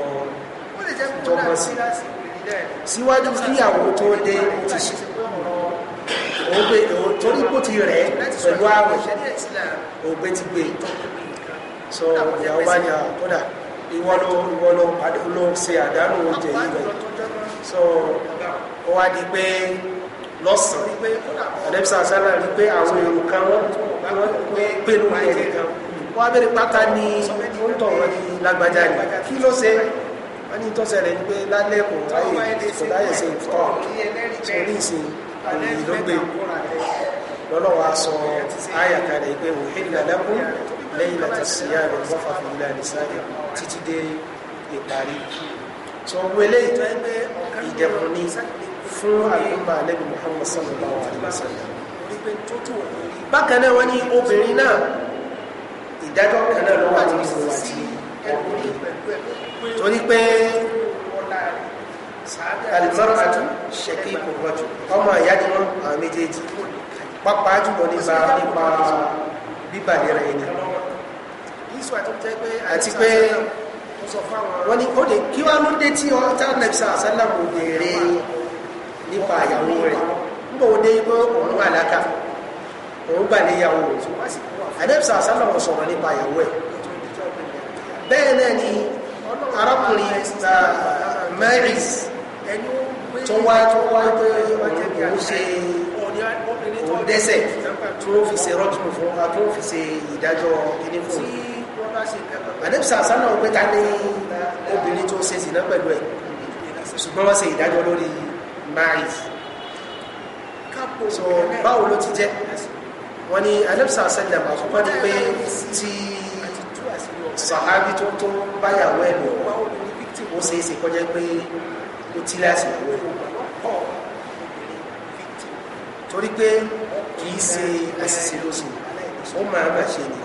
jọmọ sí síwájú kíyàwó tó ti ṣe ògbé torí kò ti ti gbé so ìyàwó bá ní àkọ́dà. Ah, ìwọ́lọ́ ìwọ́lọ́ ló ṣe àdánù oúnjẹ yìí so ó wá di pé lọ́sàn-án ọ̀dẹ́bísà sálà rí pé àwọn èrò kan wọ́n pẹ̀lú ẹ̀rẹ̀ kan wọ́n abẹ́rẹ́ pátá ní ó ń tọ̀wọ́ ní lágbájá rẹ̀ kí ló ṣe wọ́n ní tó ṣẹlẹ̀ pé lálẹ́ kò ráyè kò ráyè ṣe ìtọ́ sórí ìsìn òyìn lọ́lọ́wọ́ aṣọ ayàkà rẹ̀ òhìn làlẹ́kùn ليلة الصيام الرفث إلى نسائكم títí dé ìparí so wele ito ẹgbẹ ìdẹkùn ni fún àgbà Ànábì Muhammad sallallahu alaihi wa sallam bákan náà wọn ní obìnrin náà ìdájọ́ kan náà lọ́wọ́ àti ìfowó àti ọkùnrin torí pé almaratu shaqiqu rajul ọmọ ìyá ni wọn àwọn méjèèjì pápá jùlọ nípa bíbàlẹ̀ rẹ̀ ni àti pé wọ́n ní kóde kí wá ló dé tí wọ́n tá sálà kò béèrè nípa ìyàwó rẹ̀ nígbà wo dé pé òun wà òun gbà níyàwó rẹ̀ nàìjíríà sálà wọ́n sọ̀rọ̀ nípa ìyàwó ẹ̀ bẹ́ẹ̀ náà ni arákùnrin ah, Ma'iz tó wá tó wá pé òun ṣe òun dẹ́sẹ̀ tó fi ṣe rọ́jùmù fún wa ṣe ìdájọ́ kíní fún àdébísà sánà òpé ta ní obìnrin tó ṣe zìnà pẹ̀lú ẹ̀ ṣùgbọ́n wọ́n ṣe ìdájọ́ lórí marriage so báwo ló ti jẹ́ wọ́n ní àdébísà sẹ́lẹ̀ àkọ́kọ́ ni pé tí sàhábí tó tó báyàwó ẹ̀ ó ṣe é ṣe kọjá pé ó ti láti ìwé torí pé kì ṣe àṣìṣe lóṣù ó máa máa ṣe ni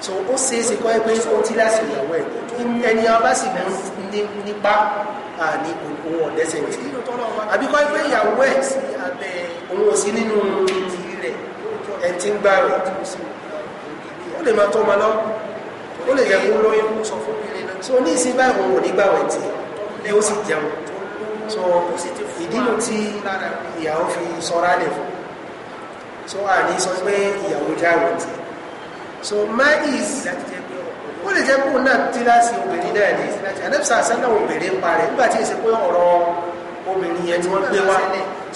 so ó ṣeé ṣe kọ́ ẹ pé ó ti láti ìyàwó ẹ̀ ẹni ọba sì mú nípa àní òun ọ̀dẹ́sẹ̀ tí àbí kọ́ ẹ pé ìyàwó ẹ̀ sí abẹ́ òun ò sí nínú ìdí rẹ̀ ẹ̀ ti ń gbá rẹ̀ ó lè máa tọ́ ọmọ lọ ó lè yẹ kó lóyún kó sọ fún mi so ní ìsìn báyìí òun ò ní gbàwẹ̀ tí ẹ ó sì jẹun so ìdílù tí ìyàwó fi sọra lẹ̀ fún so àní sọ pé ìyàwó jáwẹ̀ tí so ma'iz ó lè jẹ́ pé òun náà tíláàsì obìnrin náà ní anẹ́bísà sánà obìnrin ń parẹ́ nígbà tí èsì pé ọ̀rọ̀ obìnrin yẹn tí wọ́n gbé wá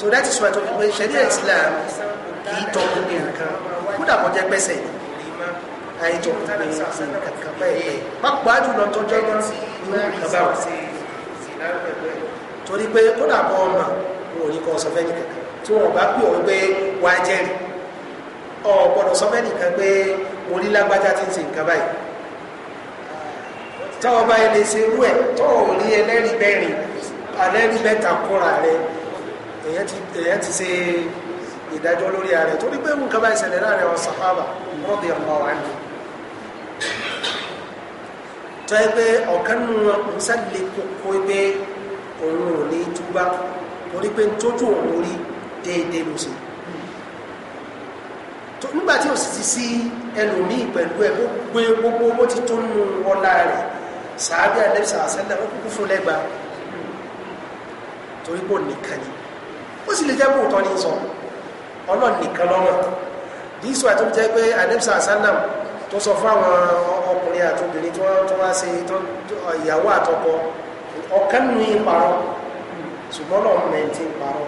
so that is why tó fi pé ṣẹlẹ̀ Islam kì í tọ́ gbogbo nǹkan kódà kó jẹ́ pẹ́sẹ̀ àìjọ gbogbo nǹkan kan báyìí pápá jùlọ tó jẹ́ ní irú nǹkan báwọn torí pé kódà bọ́ ọmọ wọn ò ní kọ́ sọ fẹ́ nìkan tí wọn bá pè ọ́ pé wàá jẹ́rìí ọ̀ gbọ́dọ̀ sọ fẹ́ nìkan pé mo rí lágbájá tí ń ṣe nǹkan báyìí tọ́wọ́ báyìí lè ṣe irú ẹ̀ tọ́wọ́ rí ẹlẹ́rìí bẹ́rin ẹlẹ́rìí mẹ́ta kọ́ra rẹ èyàn ti ṣe ìdájọ́ lórí ààrẹ torí pé nǹkan báyìí ṣẹlẹ̀ láàrin àwọn sàhábà rọ́bì ọmọ wa ni tọ́ ẹ pé ọ̀kan nù wọn kò sálẹ̀ kókó pé òun ò ní túbá torí pé tójú òun rí déédéé ló ṣe nígbà tí ò sì ti sí ẹlòmíì pẹ̀lú ẹ̀ gbé gbogbo owó ti tó nù ọlá rẹ̀ sàábí àlẹ́bísà àṣẹ́lẹ̀ ó kúkú fún lẹ́gba torí pò nìkan ni ó sì lè jẹ́ pò tán ní sọ ọlọ́ọ̀ nìkan lọ́wọ́ díìsù àti ó jẹ́ pé àlẹ́bísà àṣẹ́lẹ̀ tó sọ fún àwọn ọkùnrin àti obìnrin tó wá ṣe ìyàwó àtọkọ ọ̀kan nù ìparọ́ ṣùgbọ́n náà mẹ́ntì ìparọ́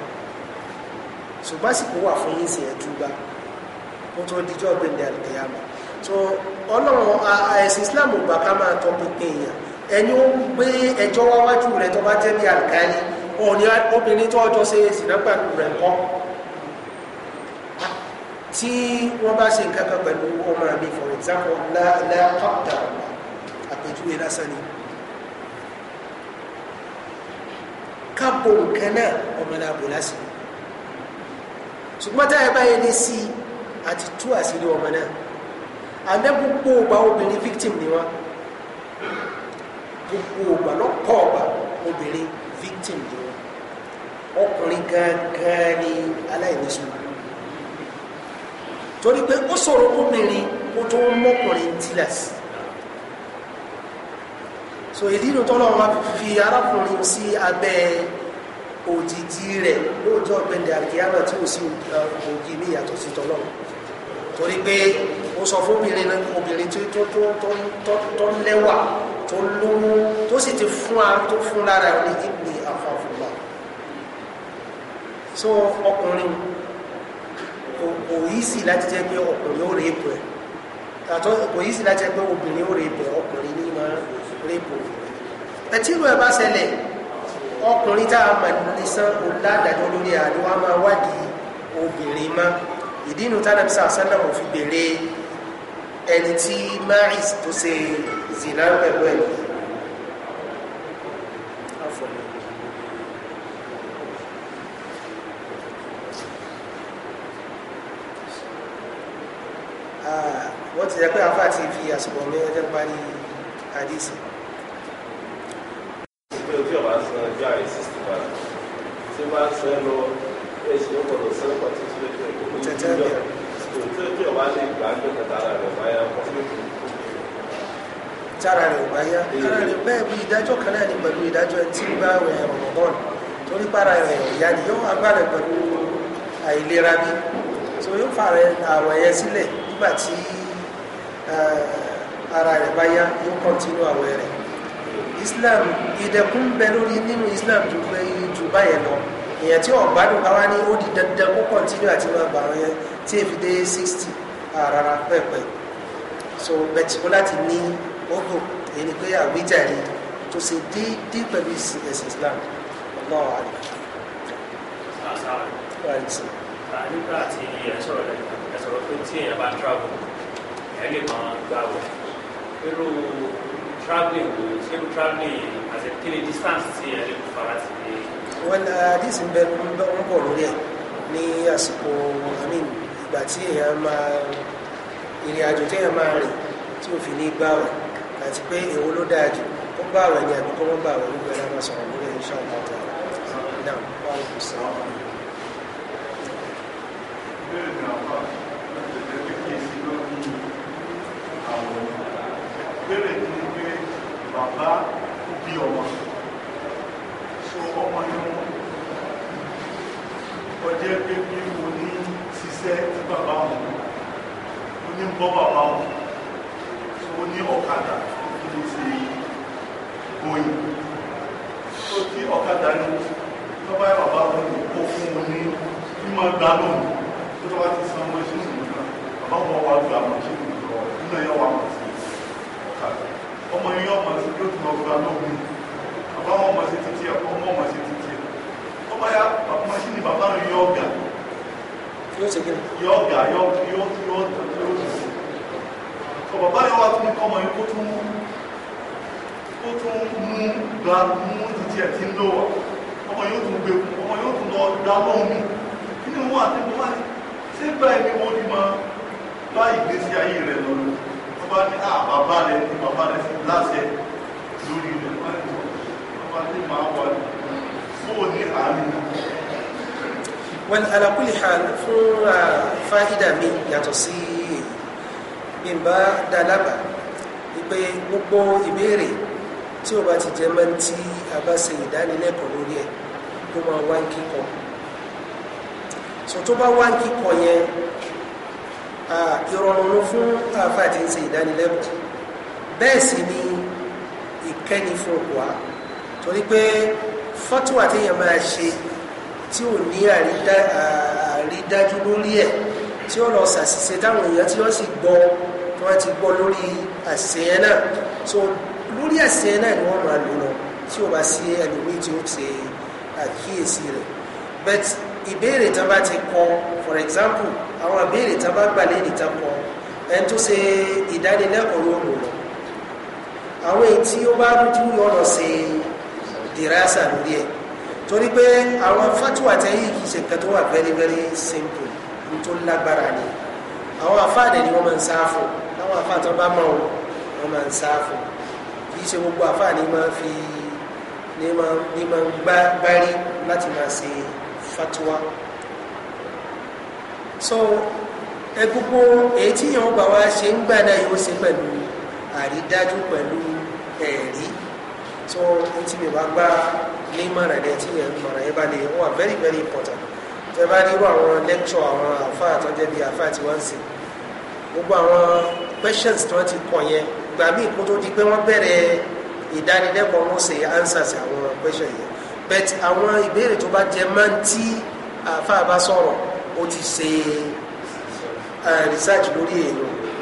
ṣùgbọ́n àsìkò wà fún yín sí ẹ̀dúgba kó tó díjọ́ gbẹ̀ndẹ̀ àlùkìyàmà so ọlọ́run ẹ̀sìn islam gbà ká máa tọ́ pínpín èèyàn ẹni ó gbé ẹjọ́ wáwájú rẹ̀ tó bá jẹ́ bí àlùkálí òní obìnrin tó ọjọ́ ṣe ìsìnà pẹ̀lú rẹ̀ kọ́ tí wọ́n bá ṣe nǹkan kan pẹ̀lú ọmọ mi for example láàpọ̀tà àpèjúwe lásán ni kábò nǹkan náà ọmọ làbò lásìkò ṣùgbọ́n táyà báyẹn ní sí i àti tú àṣírí ọmọ náà àdẹ́ gbogbo ọgbà obìnrin victim ni wọ́n gbogbo ọgbà lọ́kọ̀ ọgbà obìnrin victim ni wọ́n ọkùnrin gangan ni aláìníṣòro torí pé ó sọ̀rọ̀ obìnrin kó tó mọ́kùnrin tílàsì so ìdínú tọ́lọ́ wọn fi arákùnrin sí abẹ́ òjìji rẹ̀ lóòótọ́ gbẹ̀ndẹ̀ àkíyàmọ̀ tí ó sì òjì ní ìyàtọ̀ sí tọ́lọ́run torí pé ó sọ fún obìnrin náà obìnrin tó tó tó tó tó lẹ́wà tó lówó tó sì ti fún a tó fún lára ní ìpè àfàfùgbà so ọkùnrin kò kò yìí sì láti jẹ́ pé ọkùnrin ó rèé pẹ̀ tàtọ́ kò yìí sì láti jẹ́ pé obìnrin ó rèé pẹ̀ ọkùnrin ní máa rèé pọ̀ ẹtí ìlú ẹ bá ṣẹlẹ̀ ọkùnrin tá a mọ̀ nìsan olùdájọ́ lórí àdúrà máa wádìí obìnrin máa ìdí inú tánà bí sàásánà mo fi béèrè ẹni tí Ma'iz tó ṣe zina pẹ̀lú ẹ̀ ah, wọ́n ti jẹ́ pé afá ti fi àsìkò mi ọjọ́ parí àdísì. pé ojú ọba san ọjọ́ àìsí sí ti bá ṣe bá ṣe lọ fèsì yóò kọ̀ lọ sẹ́lẹ̀ pọ̀ tí tí tí tí tí tí ọba lè gbà ń dọ̀kẹ́ tára rẹ̀ báyà kọ́ fún mi. tára rẹ̀ báyà tára rẹ̀ bẹ́ẹ̀ bí ìdájọ́ kan náà ni pẹ̀lú ìdájọ́ ẹni tí ń bá wẹ̀ ọ̀mọ̀bọ́ọ̀lù torí para rẹ̀ ìyá ni yóò agbára pẹ̀lú àìlera bí so yóò fà rẹ̀ àwọ̀ ẹ̀yẹ sílẹ̀ nígbà tí ara rẹ̀ báyà yóò kọ́ntínú àwọ̀ rẹ̀ Islam ìdẹ̀kùn bẹ lórí nínú Islam ju báyẹn lọ èèyàn tí wọn gbádùn káwá ní ó di dandan kó kọ́ntínú àti máa gbà wọn yẹn tí èfi dé sixty rárá pẹ́ẹ́pẹ́ so bẹ́ẹ̀ kó láti ní ọgọ èyí ni pé àwíjàre tó ṣe dídí pẹ̀lú ẹ̀sìn Islam ọlọ́run àlè. nígbà tí ẹ sọ̀rọ̀ ẹ sọ̀rọ̀ pé tí èèyàn bá ń travel ẹ lè máa gbà wẹ̀ irú traveling ṣé irú traveling àti kí ni distance tí ẹ lè fara sí i wọn àdìsí bẹ ń bọ̀ lórí ẹ̀ ní àsìkò amin ìgbà tí èèyàn máa ìrìn àjò tí èèyàn máa rìn tí ò fi ní gbààwẹ̀ àti pé èwo ló dáa jù kó gbààwẹ̀ ni àbí kó wọ́n gbààwẹ̀ ló gbẹ̀rẹ̀ máa sọ̀rọ̀ lórí ẹ̀ ṣáà máa tà náà wà lóko sí i. bẹ́ẹ̀ ni pé bàbá bí ọmọ. kọjá pé bí mo ní ṣiṣẹ́ tí bàbá wọn mo ní bọ́ bàbá wọn tí mo ní ọ̀kadà tí mo ti gbóyè tó tí ọ̀kadà ni tó bá bàbá wọn ní kó fún un ní bí mo gbà lónìí tó bá ti san owó ṣe sùn bàbá wọn wá gba àwọn ṣe lọ nínú ẹ̀yọ́ wa mọ̀ sí ọ̀kadà ọmọ yẹn ọmọ sí yóò tún ọgbà lónìí bàbá wọn mọ̀ sí títí ẹ̀kọ́ ọmọ mọ̀ sí títí bóyá bàbá sí ni bàbá rẹ̀ yọ ọ̀gà yọ ọ̀gà yọ yọ yọ ọ̀ bàbá rẹ̀ wà fún ikọ́ ọmọ yìí kó tún kó tún mú gba mú títí ẹ̀ tí ń lò wá ọmọ yóò tún gbé ọmọ yóò tún lọ dá lóhùn mi kí ni wọ́n àti bọ́lá ni ṣé báyìí ni wọ́n ti máa bá ìgbésí ayé rẹ̀ lọ lọ wọ́n bá ní bàbá rẹ̀ ní bàbá rẹ̀ sí láṣẹ lórí rẹ̀ wọ́n ti máa wà ní fún òní àárín. wọn alákùlì hàn fún fáìdà mi yàtọ̀ sí bímbá dálábà wípé gbogbo ìbéèrè tí ó bá ti jẹ́ máa ń tí a bá ṣe ìdánilẹ́kọ̀ọ́ lórí ẹ̀ tó máa wá ń kíkọ so tó bá wá ń kíkọ yẹn ah, ìrọ̀rùn fún àáfàá tí ń ṣe ìdánilẹ́kọ̀ọ́ bẹ́ẹ̀ sì ni ìkẹ́ni fún wa torí pé fatuwa téèyàn máa ṣe tí ò ní àrídájú lórí ẹ̀ tí ó lọ ṣàṣìṣe táwọn èèyàn tí wọ́n sì gbọ́ tí wọ́n ti gbọ́ lórí àṣeyẹn náà so lórí àṣeyẹn náà ni wọ́n máa lò lọ tí ò bá sí ẹlòmíì tí ó ṣe àkíyèsí rẹ̀ but ìbéèrè tán bá ti kọ for example àwọn ìbéèrè tán bá gbà lẹ́yìn tán kọ ẹni tó ṣe ìdánilẹ́kọ̀ọ́ yóò lò lọ àwọn èyí tí ó bá rújú yọ̀ọ̀nà ṣe é dìrásà lórí ẹ̀ torí pé àwọn fatuwa tẹ́yìn kì í ṣe nǹkan tó wà very very simple ní tó lágbára ni àwọn àfáàdẹ ni wọ́n máa ń sáfò láwọn àfáàtọ bá mọ̀ wọn wọ́n máa ń sáfò kì í ṣe gbogbo àfáàní máa fi ní máa ń gbárí láti máa ṣe fatuwa so egungun èyí tí yàn gbà wá ṣe ń gbà náà yóò ṣe pẹ̀lú àrídájú pẹ̀lú ẹ̀rí so etí mi bá gbá ní mọ̀ràn ẹ̀ tí yẹn mọ̀ràn yẹn bá lè wà very very important tẹ bá nírú àwọn lecture àwọn àfa àtọ́jẹ́ bíi àfa àti wọ́n ń sìn gbogbo àwọn questions tí wọ́n ti kọ̀ yẹn gbà mí kó tó di pé wọ́n bẹ̀rẹ̀ ìdánilẹ́kọ̀ọ́ wọn ṣe answers àwọn question yẹn but àwọn ìbéèrè tó bá jẹ máa ń tí àfa bá sọ̀rọ̀ ó ti ṣe eh, research lórí èèyàn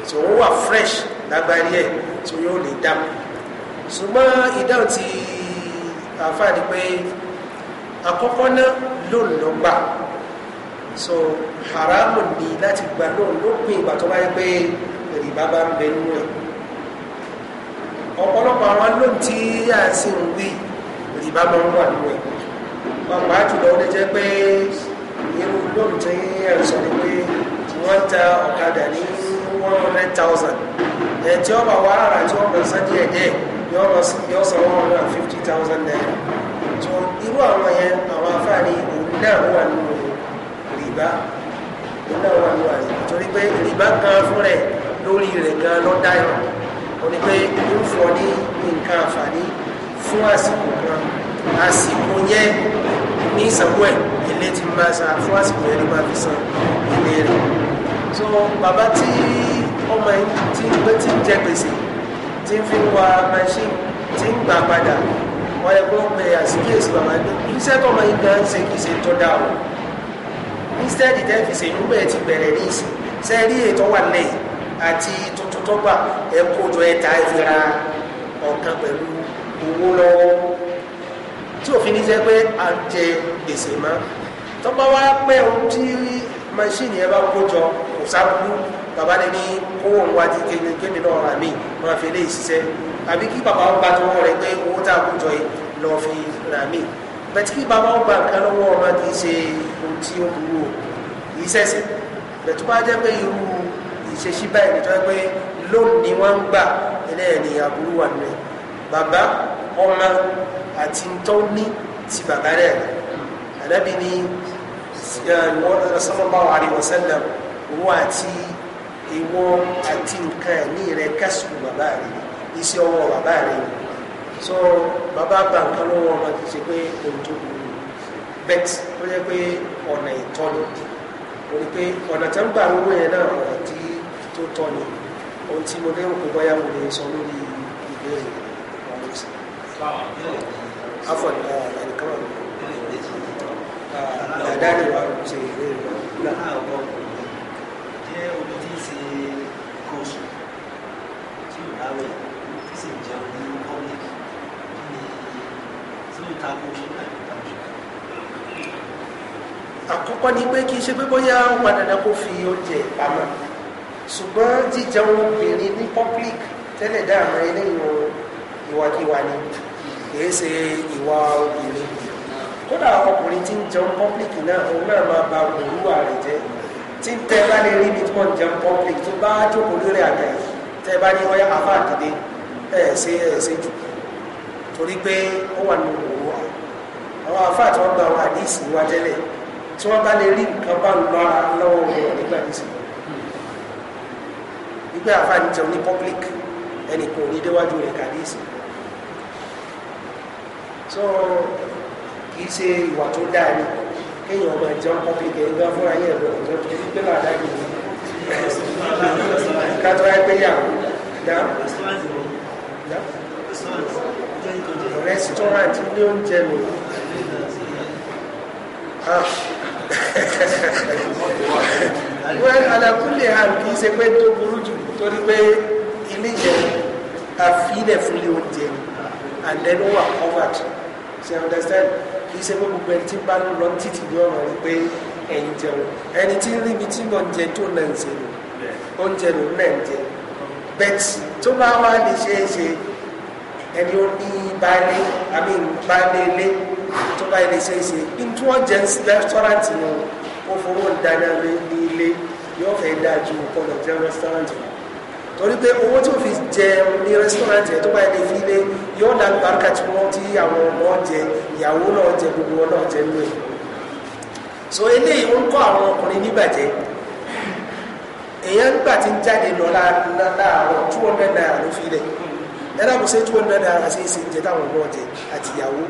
so wọ́n wà fresh lágbárí ẹ̀ so yóò lè dáhùn ṣùgbọ́n ìdáhùn ti àǹfààní pé àkọ́kọ́ náà lóun ló gbà so haramu ni láti gba lóun ló pin ìgbà tó bá yẹ pé rìbá bá ń bẹ nínú ẹ̀ ọ̀pọ̀lọpọ̀ àwọn lóun tí a sì ń wí rìbá máa ń wà nínú ẹ̀ pàpà jùlọ ó lè jẹ́ pé irú lóun tí a sọ ni pé wọ́n ta ọ̀kadà ní one hundred thousand ẹ̀ tí ọba wàhálà tí wọ́n pọ̀ sá díẹ̀ yọ san one hundred and fifty thousand naira so irú àwọn yẹn àwọn afáàní òun náà wà nínú rìbá òun náà wà nínú àyè torí pé rìbá kan fún rẹ lórí rẹ gan lọ dáyọ ó ní pé ó ń fọ ní nǹkan àǹfààní fún àsìkò kan àsìkò yẹn ní ìsanwó ẹ ilé ti máa san fún àsìkò yẹn ní máa fi san ilé rẹ so bàbá tí ọmọ tí ń jẹ gbèsè tí ń fi wa machine tí ń gbà padà wọ́n yẹ kó ń pè àsìkíyèsí bàbá ní iṣẹ́ tó máa ń gan ṣe kì í ṣe tó dáa o instead tẹ́ fi ṣe ìlú bẹ́ẹ̀ ti bẹ̀rẹ̀ ní ìsìn ṣe rí ètò wà lẹ́yìn àti tuntun tó gbà ẹ kójọ ẹ ta ẹ ra ọ̀kan pẹ̀lú owó lọ́wọ́ tí òfin ní jẹ́ pé à ń jẹ gbèsè mọ́ tọ́gbà wá pẹ́ ohun tí machine yẹn bá kó jọ kò sábúrú bàbá rẹ ní kówó ń wájú kéde náà rà mí máa fi lè ṣiṣẹ́ àbí kí bàbá ó gba tọwọ́ rẹ pé owó tá a kó jọ yìí lọ́ọ́ fi rà mí bẹ̀tí kí bàbá ó gba nǹkan lọ́wọ́ ọmọ kì í ṣe ohun o kì í ṣẹ̀ṣẹ̀ bẹ̀tú pé irú ìṣesí báyìí nítorí pé lónìí wọ́n ń gbà ẹlẹ́yìn aburú wà nínú ẹ̀ bàbá àti ntọ́ ní ti bàbá rẹ̀ àdábì ní sallallahu alaihi wasallam òun àti ìwọ àti nǹkan ẹ̀mí rẹ kẹ́sùn bàbá rẹ iṣẹ́ ọwọ́ bàbá rẹ so bàbá bá nǹkan lọ́wọ́ ọmọ kì í ṣe pé ohun tó burú bet ó yẹ pé ọ̀nà ìtọ́ni ó ní pé ọ̀nà tó ń gbà owó yẹn náà ọ̀nà tí tó tọ́ni ohun tí mo dé òkú bọ́yá mo lè sọ lórí ìbéèrè ọ̀hún sí. afọ̀ nígbà wà lẹ́nu dáadáa lè wá ṣe ìwé rẹ̀ náà ọ̀pọ̀ jẹ́ omi tí ń ṣe kóòsù tí ò dáwẹ̀ tí sì ń jẹun ní public tí ni pé kì í ṣe pé bóyá ó dandan kó fi oúnjẹ pamọ́ ṣùgbọ́n jíjẹun obìnrin ní public tẹ́lẹ̀ dáàmú eléyìí ìwàkiwà ni kì í ṣe ìwà obìnrin kódà ọkùnrin tí ń jẹun public náà òun náà máa ba òwúwà rẹ̀ jẹ́ tí ń tẹ bá lè rí ibi tí wọ́n ń jẹun public tó bá jókòó lórí àgbà yìí tẹ bá ní ọyá afá àkìdé ẹ ẹ ṣe ẹ ṣe jù torí pé ó wà nínú òwúwà àwọn afá tí wọ́n gba àwọn àdíìsì wa tẹ́lẹ̀ tí wọ́n bá lè rí nǹkan bá ń lọ́ra lọ́wọ́ wọn nígbà nísìn gbígbé àfá ní jẹun ní public ẹnì kò ní déwájú rẹ̀ kàdíìsì so kì í ṣe ìwà tó dáa ni kéèyàn ọmọ ẹ̀jẹ̀ ọkọ̀ kéèké ń gbá fúnra yẹn lọ ọ̀dọ́ tó ní pé bàdá yìí kátó ẹgbẹ́yàwó dá restaurant ilé oúnjẹ mi wọ́n alákùnlé hàn kì í ṣe pé tó burú jù torí pé ilé yẹn àfihàn oúnjẹ and then ó wà covered so kì í ṣe pé gbogbo ẹni tí ń bá ń lọ títì ní ọ̀rọ̀ rẹ pé ẹ̀yin jẹun ẹni tí ń rí ibi tí wọ́n tó náà ń ṣe lò oúnjẹ ló náà ń jẹ bẹ́ẹ̀tì tó bá wà lè ṣe é ṣe ẹni ó ní baálé àbí baálé ilé tó bá lè ṣe é ṣe ntú ọ̀jẹ̀ rẹ́sítọ́rántì wọn ó fowó ìdáná ní ilé yóò fẹ́ dájú kọ́ lọ jẹ́ rẹ́sítọ́rántì wọn torí pé owó tí ó fi jẹ ní restaurant yẹn tó bá yẹn lè fi lé yóò dá barika tí wọ́n ti àwọn ọmọ jẹ ìyàwó náà jẹ gbogbo wọn náà jẹ nínú ẹ̀ so eléyìí ó ń kọ́ àwọn ọkùnrin nígbàjẹ́ èèyàn nígbà tí ń jáde lọ láàárọ̀ two hundred naira ló fi lẹ̀ ẹ̀rọ kò sí two hundred naira sí ìsìn jẹ táwọn ọmọ jẹ àti ìyàwó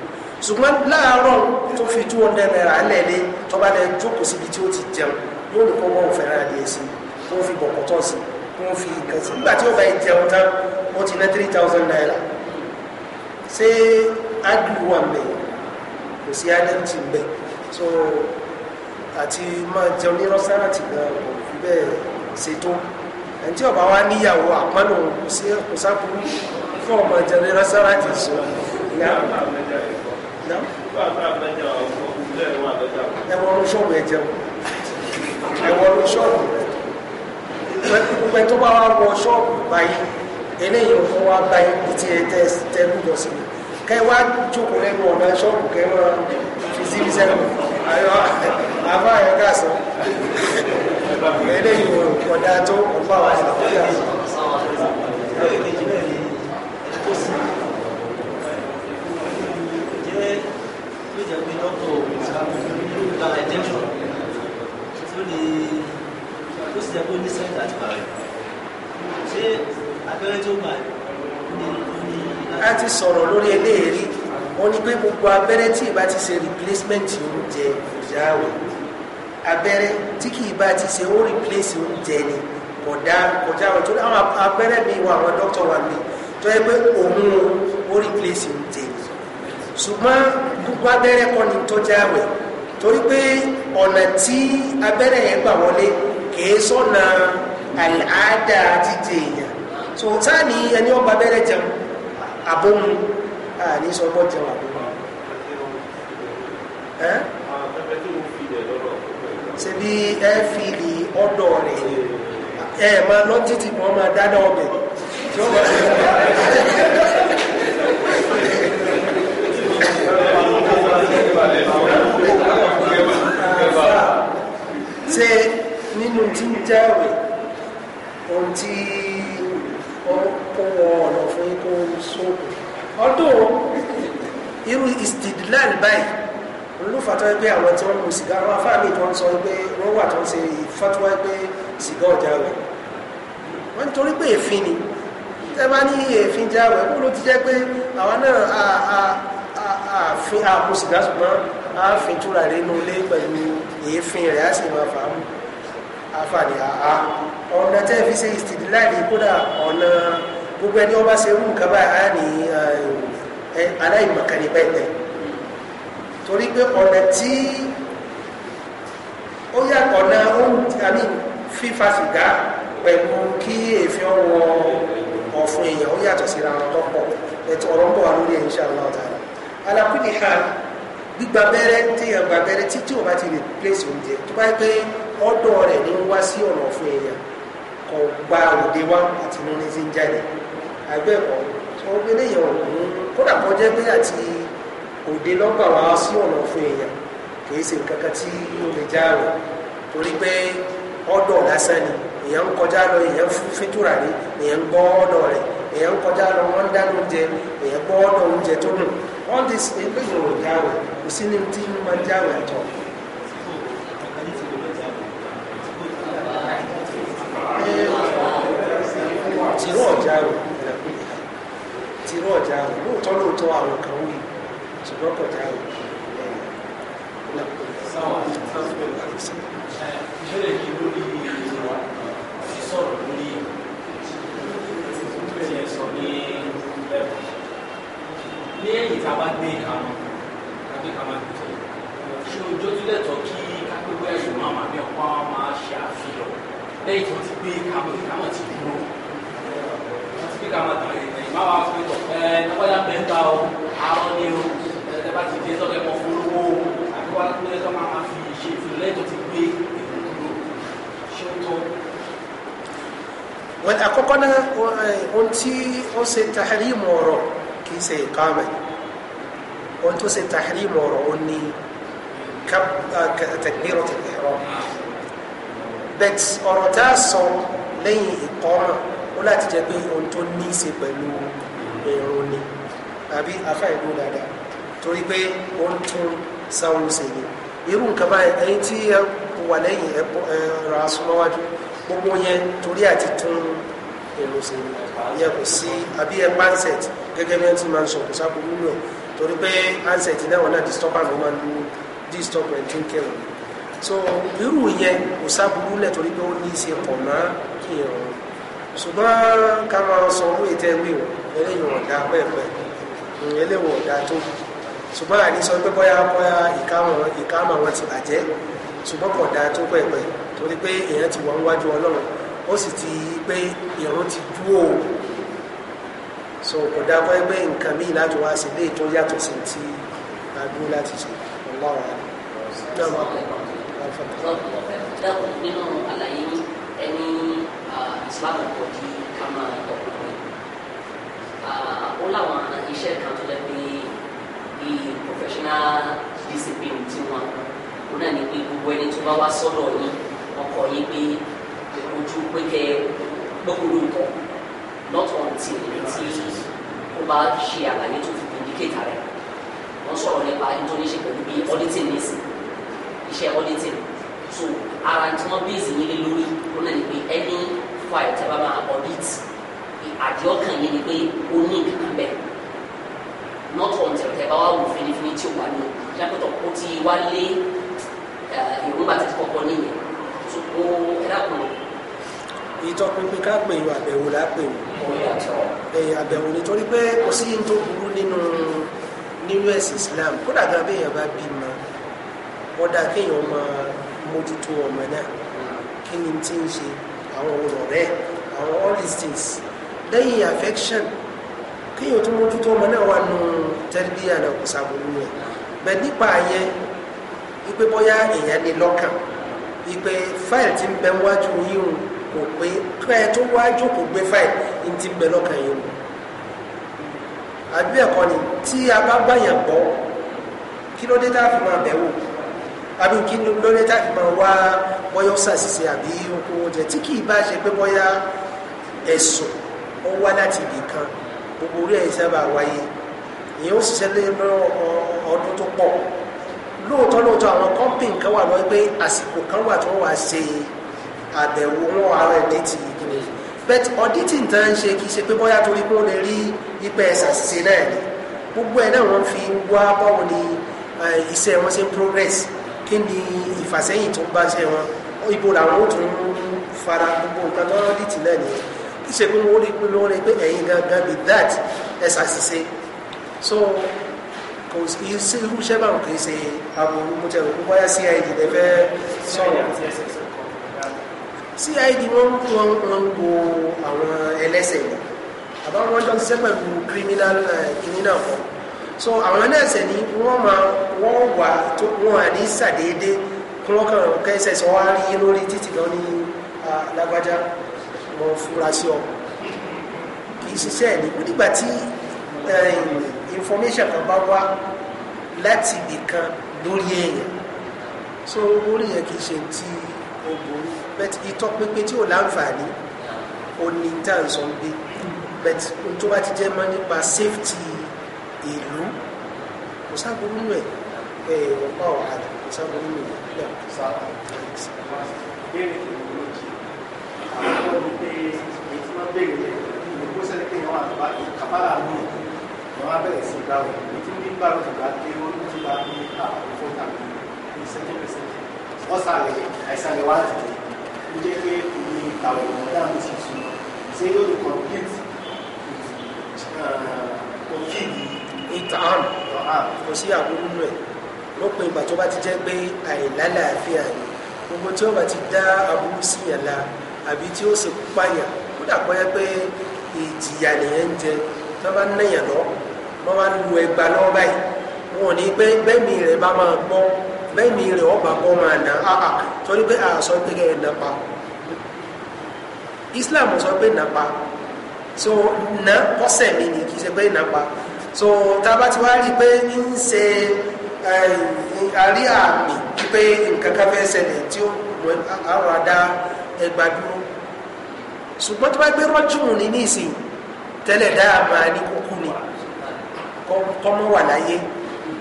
ṣùgbọ́n láàárọ̀ tó fi two hundred naira lẹ́lẹ́ tó bá lẹ jókòó síbi tí ó ti jẹun yóò ní kọ́ wọ́n fẹ́ràn wọ́n fi nǹkan nígbà tí ó bá jẹun tán wọ́n ti ná three thousand naira ṣé agri wà mbẹ kò sí adẹ́ntì mbẹ so àti máa jẹun ní rọ́sáràtì náà kò fi bẹ́ẹ̀ ṣètò ẹni tí wa níyàwó àpọ́nlò kò sábúrú fún ọmọ jẹun ní rọ́sáràtì sọ ẹwọ́n ṣọ́ọ̀bù ẹ̀jẹ̀wọ̀n ẹwọ́n ṣọ́ọ̀bù gbogbo ẹ tó bá wá wọ ṣọ́ọ̀bù báyìí eléyìí ò fún wa báyìí bí ti ẹ tẹ lùjọ sí mi kẹ wá jókòó lẹ́nu ọ̀nà ṣọ́ọ̀bù kẹ wọ́n fi sí ibi sẹ́nu àyọ àbá àyọ káàsọ eléyìí ò kọjá tó ọgbà wa ní àkóyà. Ìjẹ́ ló ó sì jẹ́ pé ó ní sẹ́ńtà àti bàrẹ̀ ṣé abẹ́rẹ́ tó gbà ní ní. a ti sọ̀rọ̀ lórí eléyìí wọ́n ní pé gbogbo abẹ́rẹ́ tí ìbá ti ṣe replacement oúnjẹ ìyáwó abẹ́rẹ́ tí kì í bá ti ṣe ó replace oúnjẹ ni kọ̀dá kọjá àwọn tó àwọn abẹ́rẹ́ mi wà àwọn dókítà wà mí tó yẹ pé òun ó replace oúnjẹ ṣùgbọ́n gbogbo abẹ́rẹ́ kọ́ ni tó jáwèé torí pé ọ̀nà tí abẹ́rẹ́ yẹn gbà wọlé kìí sọ̀nà àlàáda títí èèyàn so táàní ẹni ọba abẹ́rẹ́ jẹun àbómu àní sọ ọgbọ́n jẹun àbómu. ṣe bí ẹ fi lè ọ̀dọ̀ rẹ ẹ máa lọ títí kan máa dáná ọbẹ̀ tí ó wà lẹ́yìn nínú tí ń jáwé ohun tí ó wọ ọ̀nà fún ikú sóògùn ọdún irú istidlal báyìí olùfà tó ẹgbẹ́ àwọn tí wọ́n mu sìgá àwọn afáàmì tó ń sọ ẹgbẹ́ wọ́n wà tó ń ṣe ìfatuwa ẹgbẹ́ sìgá ọjà rẹ̀ wọ́n nítorí pé èéfín ni tẹ́ bá ní èéfín jáwé kó ló ti jẹ́ pé àwa náà àfin àpò sìgá ṣùgbọ́n àfin túra rẹ̀ nulẹ̀ pẹ̀lú èéfín rẹ̀ á sì máa fà á mú àfààní àá ọ̀nà tẹ́ fi ṣe ìsìdíláìlì kódà ọ̀nà gbogbo ẹni ọba ṣe rú nǹkan báyìí á ní aláìmọ̀kànnì bẹ́ẹ̀ torí pé ọ̀nà tí ó yà ọ̀nà àmì fífa sìgá pẹ̀lú kí èéfín wọ ọ̀fun èèyàn ó yàtọ̀ síra àwọn tó pọ̀ ẹ̀tọ́ ọ̀rọ̀ ń bọ̀ wá lórí insha Allah ta'ala alákùnrin ha gbígba abẹ́rẹ́ téèyàn gba abẹ́rẹ́ tí tí o bá ti replace oúnjẹ tó bá yẹ pé ọdọ rẹ ni wá sí ọ̀nà fún èèyàn kọ gba òde wá àti nínú ti ń jáde àgbẹ̀ ẹ̀kọ́ tó gbé kódà jẹ́ pé àti òde lọ́gbà wá sí ọ̀nà fún èèyàn kìí ṣe nǹkan tí ó lè já torí pé lásán ni èèyàn ń kọjá lọ èèyàn èèyàn ń gbọ́ èèyàn ń kọjá lọ ń dáná oúnjẹ tìrọ ọjà rò ẹ̀rọ pé tìrọ ọjà rò lóòótọ́ lóòótọ́ àwọn kan wí ṣùgbọ́n kọjá rò náà. sáwọn sáwọn ìbéèrè yìí lórí ìwà sísọ̀rọ̀ lórí ìpínlẹ̀ sọ ní ẹ̀rọ ní ẹ̀yìn tá a bá gbé ìkàmọ́ tàbí ìkàmọ́ àgbẹ̀tẹ̀ ṣe ojú tó lẹ́tọ̀ọ́ kí kápẹ́gbẹ́ ẹ̀sùn máa máa ní ọ̀pá máa ṣe àfihàn lẹ́yìn tó ti gbé ìkàmọ́ ìkàmọ́ ti dúró ká máa tẹ̀lé ẹ̀yìn máa wá sí ẹ̀ lọ́kọ́jà bẹ́ńtà o àwọn ni o ẹ̀ bá ti dé sọ́kẹ́ mọ̀ fún owó àbí wá lóye tó máa fi ṣe ìfìlẹ̀ tó ti gbé ìdúró ṣé ó tọ́. wọ́n àkọ́kọ́ náà ohun tí ó ṣe tahrim ọ̀rọ̀ kì í ṣe ìkámẹ́ ohun tó ṣe tahrim ọ̀rọ̀ ó ní takbiratul ihram bẹ́ẹ̀ ọ̀rọ̀ tá a sọ lẹ́yìn ìkọ́mọ̀ ó láti jẹ́ pé ohun tó ní í ṣe pẹ̀lú èrò ni àbí afá ìlú dáadáa torí pé ó ń tún sáwọn ṣe ni irú nǹkan báyìí ẹni tí ẹ wà lẹ́yìn ẹ ra súnmọ́wájú gbogbo yẹn torí àti tún èrò ṣe ni yẹ kò sí àbí ẹ pansẹ̀tì gẹ́gẹ́ bí wọ́n ti máa ń sọ kò sábò nínú ẹ̀ torí pé pansẹ̀tì náà wọn náà disturber ló máa ń lu disturb tí ń kẹrù so irú yẹn kò sábò nínú ẹ̀ torí pé ó ní í ṣe pọ̀ mọ́ kí ẹ̀ ṣùgbọ́n ká máa sọ owó ìtẹ́wé wọ̀ eléyìí wọ̀ dá pẹ́ẹ́pẹ́ eléyìí wọ̀ dá tó ṣùgbọ́n àní sọ pé bóyá bóyá ìkáàmà wọn ti bàjẹ́ ṣùgbọ́n kò dá tó pẹ́ẹ́pẹ́ torí pé èèyàn ti wọ́n wájú ọlọ́run ó sì ti pé ìrún ti dúró so kò dá pẹ́ẹ́pẹ́ nǹkan míì láti wá sí ilé ìtọ́ yàtọ̀ sí ti adúró láti ṣe ọlọ́run náà wà pọ̀ pọ̀ islam kò kí ká máa ọkùnrin ó láwọn iṣẹ́ kan tó lẹ́ pé bíi professional discipline tí wọn ó náà ní pé gbogbo ẹni tó bá wá sọ́dọ̀ yín ọkọ yín pé ojú pé gbogbo nǹkan not until tí ó bá ṣe àlàyé tó fi indicate rẹ̀ wọ́n sọ̀rọ̀ nípa intonation pẹ̀lú bíi auditing nísìn iṣẹ́ auditing so ara tí wọ́n bèèzì yín lé lórí ó náà ní pé ẹni fà yìí tẹ́ bá máa audit àdìọ́ kan yìí ni pé o ní kankan bẹ́ẹ̀ not until tẹ́ bá wà wò finifini tí o wà ní ìyàpẹ̀tọ̀ o ti wá lé eh, ìrúbà ti kọ́kọ́ nìyẹn tó o ẹ̀dá kan ìtọpinpin ká pè yín àbẹ̀wò là pè yín àbẹ̀wò nítorí pé kò sí ní tó burú nínú nínú ẹ̀sìn Islam kódà gan béèyàn bá bímọ ọ̀dà kéèyàn máa mójútó ọmọ náà mm. kí ni tí ń ṣe àwọn olùrẹ́ àwọn all these things lẹ́yìn affection kíyàn tó mójútó ọmọ náà wà nù tẹ́lifíà náà kò sàbòrò rẹ̀ bẹ́ẹ̀ nípa yẹn wípé bóyá èèyàn ní lọ́kàn wípé fáìlì ti ń bẹ wájú yíhun kò pé kí ẹ tó wájú kò gbé fáìlì ní ti ń bẹ lọ́kàn yíhun àbí ẹ̀kọ́ ni tí a bá gbàyàn bọ́ kí ló dé tá a fi máa bẹ̀ wò àbí kí ni lórí tá ìmọ̀ wá bọ́yọ́ sàṣìṣe àbí oko oúnjẹ tí kì í bá ṣe pé bọ́yá ẹ̀sùn ó wá láti ibì kan gbogbo orí ẹ̀ sábà wáyé ìyẹn ó ṣiṣẹ́ lé ọdún tó pọ̀ lóòótọ́ lóòótọ́ àwọn kọ́mpìn kan wà lọ́wọ́ pé àsìkò kan wà tó wà ṣe àbẹ̀wò wọn ara ẹ̀ létí ìgbìmọ̀ bẹ́ẹ̀ ọ̀dítì nǹkan ń ṣe kì í ṣe pé bọ́yá torí pé ó lè rí ipa ẹ̀ sàṣìṣe náà ni gbogbo ẹ̀ náà wọ́n fi wá báwo ni iṣẹ́ wọn ṣe ń progress kí ni ìfàsẹ́yìn tó bá ṣe wọn ibo làwọn ó tún fara gbogbo nǹkan tó rán dìtì náà nìyẹn kí ṣe pé wọ́n rí pé pé ẹ̀yin gangan be that ẹ ṣàṣìṣe so kò sí irú báwọn kì í ṣe aburú mo tẹ̀wọ̀ pé bóyá CID lè fẹ́ sọ̀rọ̀ CID wọ́n ń wọ́n ń wo àwọn ẹlẹ́sẹ̀ yìí àbáwọn ọjọ́ ṣiṣẹ́ pẹ̀lú criminal eh, criminal kan so àwọn náà sẹ̀ ni wọ́n máa wọ́n wà tó wọ́n à ní sàdéédé kí wọ́n kàn kẹ́sẹ̀ sọ wá rí lórí títì lọ ní lágbájá mo fura sí ọ kì í ṣiṣẹ́ ẹ̀ ní nígbà tí information kan bá wá láti ibì lórí èèyàn so orí yẹn kì í ṣe ti ogun bẹ́ẹ̀ ìtọ́ pínpín tí ò láǹfààní ò gbé bẹ́ẹ̀ tó bá ti jẹ́ mọ́ nípa safety kò sáàbùrú nù ẹ̀ ẹ̀ ọ̀pá ọ̀hádà kò sáàbùrú nù ẹ̀ nígbà tó sáàbùrú nù ẹ̀ sí. ìbéèrè kò ní méjì àwọn ọmọ pé èyí tí wọ́n béèrè rẹ̀ ní kó sẹ́ni pé wọ́n àgbà kàbára mi ni wọ́n á bẹ̀rẹ̀ sí gbà wọ̀ èyí tí wọ́n gbà wọ́n ti gbà pé wọ́n ti gbà pé àwọn fún tàbí ní sẹ́kẹ́ pẹ̀sẹ̀ wọ́n sàlẹ̀ àìsàlẹ̀ wá ti ń jẹ́ pé ní àwọn ọmọ dáhùn ti sùn ṣé yóò ní complete config ìtàn kò sí àbúrú rẹ̀ lópin ìgbà tó bá ti jẹ́ pé àìlálàáfíà ni gbogbo tí ó bá ti dá àbúrú sí yàn la àbí tí ó sì pààyàn ó dàpọ̀ yẹ pé ìjìyà nìyẹn ń jẹ tó bá ń náyàn lọ wọ́n bá ń lu ẹgba lọ́wọ́ báyìí wọn ò ní bẹ́ẹ̀mì rẹ̀ bá máa gbọ́ bẹ́ẹ̀mì rẹ̀ ọba kọ́ máa nà áà torí pé àṣọ gẹ́gẹ́ ẹ̀ nàpa Islam sọ pé nàpa so nà kọ́sẹ̀ mi ni kì í ṣe pé nàpa so tába ti wá rí i pé ń ṣe àrí eh, àmì pé nǹkan kan fẹ́ ṣẹlẹ̀ tí ó àwọn àdá ẹgbà dúró ṣùgbọ́n tó bá gbé rọ́jùmù ní nísìnyí tẹ́lẹ̀ dáa máa ní kúkú ni kọ́mọ́ wà láyé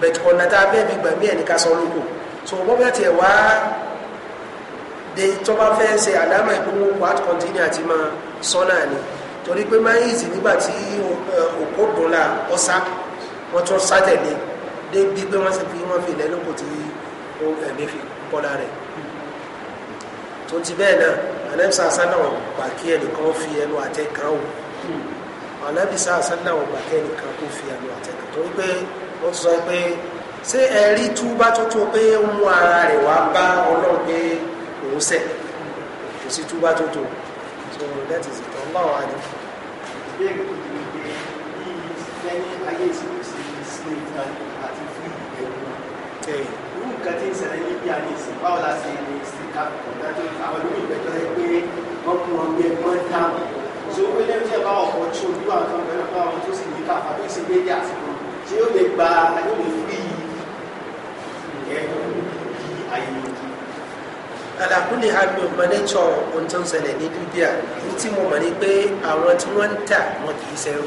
bẹ̀tù ọ̀nà tá a bẹ́ẹ̀ fi gbàgbé ẹ̀ ní ká sọ lóko so wọ́n bẹ́ẹ̀ tiẹ̀ wá de tó bá fẹ́ ṣe àdámọ̀ ìpínlẹ̀ wàá kọ́ntínú àti máa sọ ni torí pé mayis nígbà òkú dùnlà ọ̀sá wọ́n tún sátẹ̀lé débi pé wọ́n fi wọ́n fi lẹ́lọ́kọ̀ tí ẹ̀mí fi kọ́lá rẹ̀ tó ti bẹ́ẹ̀ náà anabisa asana wọn gbà kí ẹnìkan fi ẹnu àtẹ kan o anabisa asana wọn gbà kí ẹnìkan kó fi ẹnu àtẹ kan torí pé wọ́n ti sọ pé ṣé ẹ̀rí túbá tó tó pé ó mú ara rẹ̀ wá bá ọlọ́run pé òun ṣẹ̀ kò sí túbá tó tó so that is it ọlọ́run á ní ìbéèrè tó ti pé bí lẹ́yìn ayé ìsinmi sí slave àti free ẹ̀yìn irú nǹkan tí ń ṣẹlẹ̀ níbi ayé ìsìn báwo la ṣe lè ṣe kàkọ́ dájú àwọn olórí ìgbẹ́jọ́ rẹ pé wọ́n kún wọn bí ẹgbọ́n dáhùn so ó lè jẹ́ báwọn ọkọ̀ tí olú àwọn tó ń bẹ̀rẹ̀ báwọn tó sì ní káfà tó sì dédé àsìkò tí ó lè gba yóò lè fi àlàkùnlé àmì mọ́nẹ́tsọ̀ ohun tó ń ṣẹlẹ̀ ní dúbíà ní tí mo mọ̀ ní pé àwọn tí wọ́n ń tà wọn kì í ṣẹrú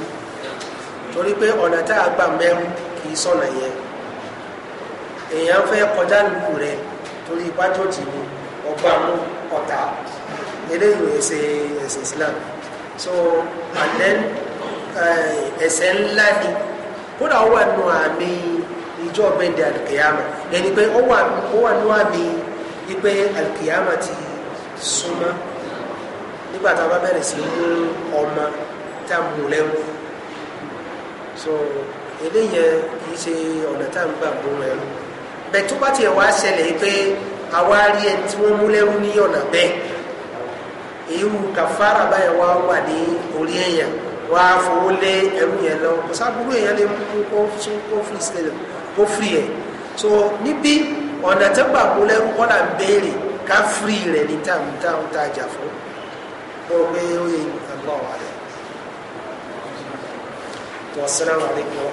torí pé ọ̀nà tá a gbà mẹ́rù kì í sọ̀nà yẹn èèyàn fẹ́ kọjá lùkù rẹ torí pátó tì mú ọgbà mú ọ̀tá eléyìí ẹsẹ̀ ẹsẹ̀ Islam so and then eh, ẹsẹ̀ ńlá ni kódà ó wà nù àmì ìjọ bẹ́ndẹ̀ àdùkẹ́yàmà ẹni pé ó wà nù àmì wípé alkiyama ti súnmọ́ nígbà tá a bá bẹ̀rẹ̀ sí mú ọmọ tá a mú lẹ́wọ̀n so eléyẹn kì í ṣe ọ̀nà tá a ń gbà mú ẹrú bẹ́ẹ̀ tó bá tiẹ̀ wá ṣẹlẹ̀ pé àwa rí ẹni tí wọ́n mú lẹ́rú ní ọ̀nà bẹ́ẹ̀ èyí wù kàfàrà báyẹn wá wà ní orí èèyàn wá fowó lé ẹrú yẹn lọ kò sábúrú èèyàn lè mú kó fi sílẹ̀ kó fi yẹ so níbí ọ̀nà tó gbà kó lẹ́rú kọ́ là ń béèrè ká firi rẹ̀ ní táwọn táwọn tá a jà fún mo rò pé ó yẹ nǹkan bọ̀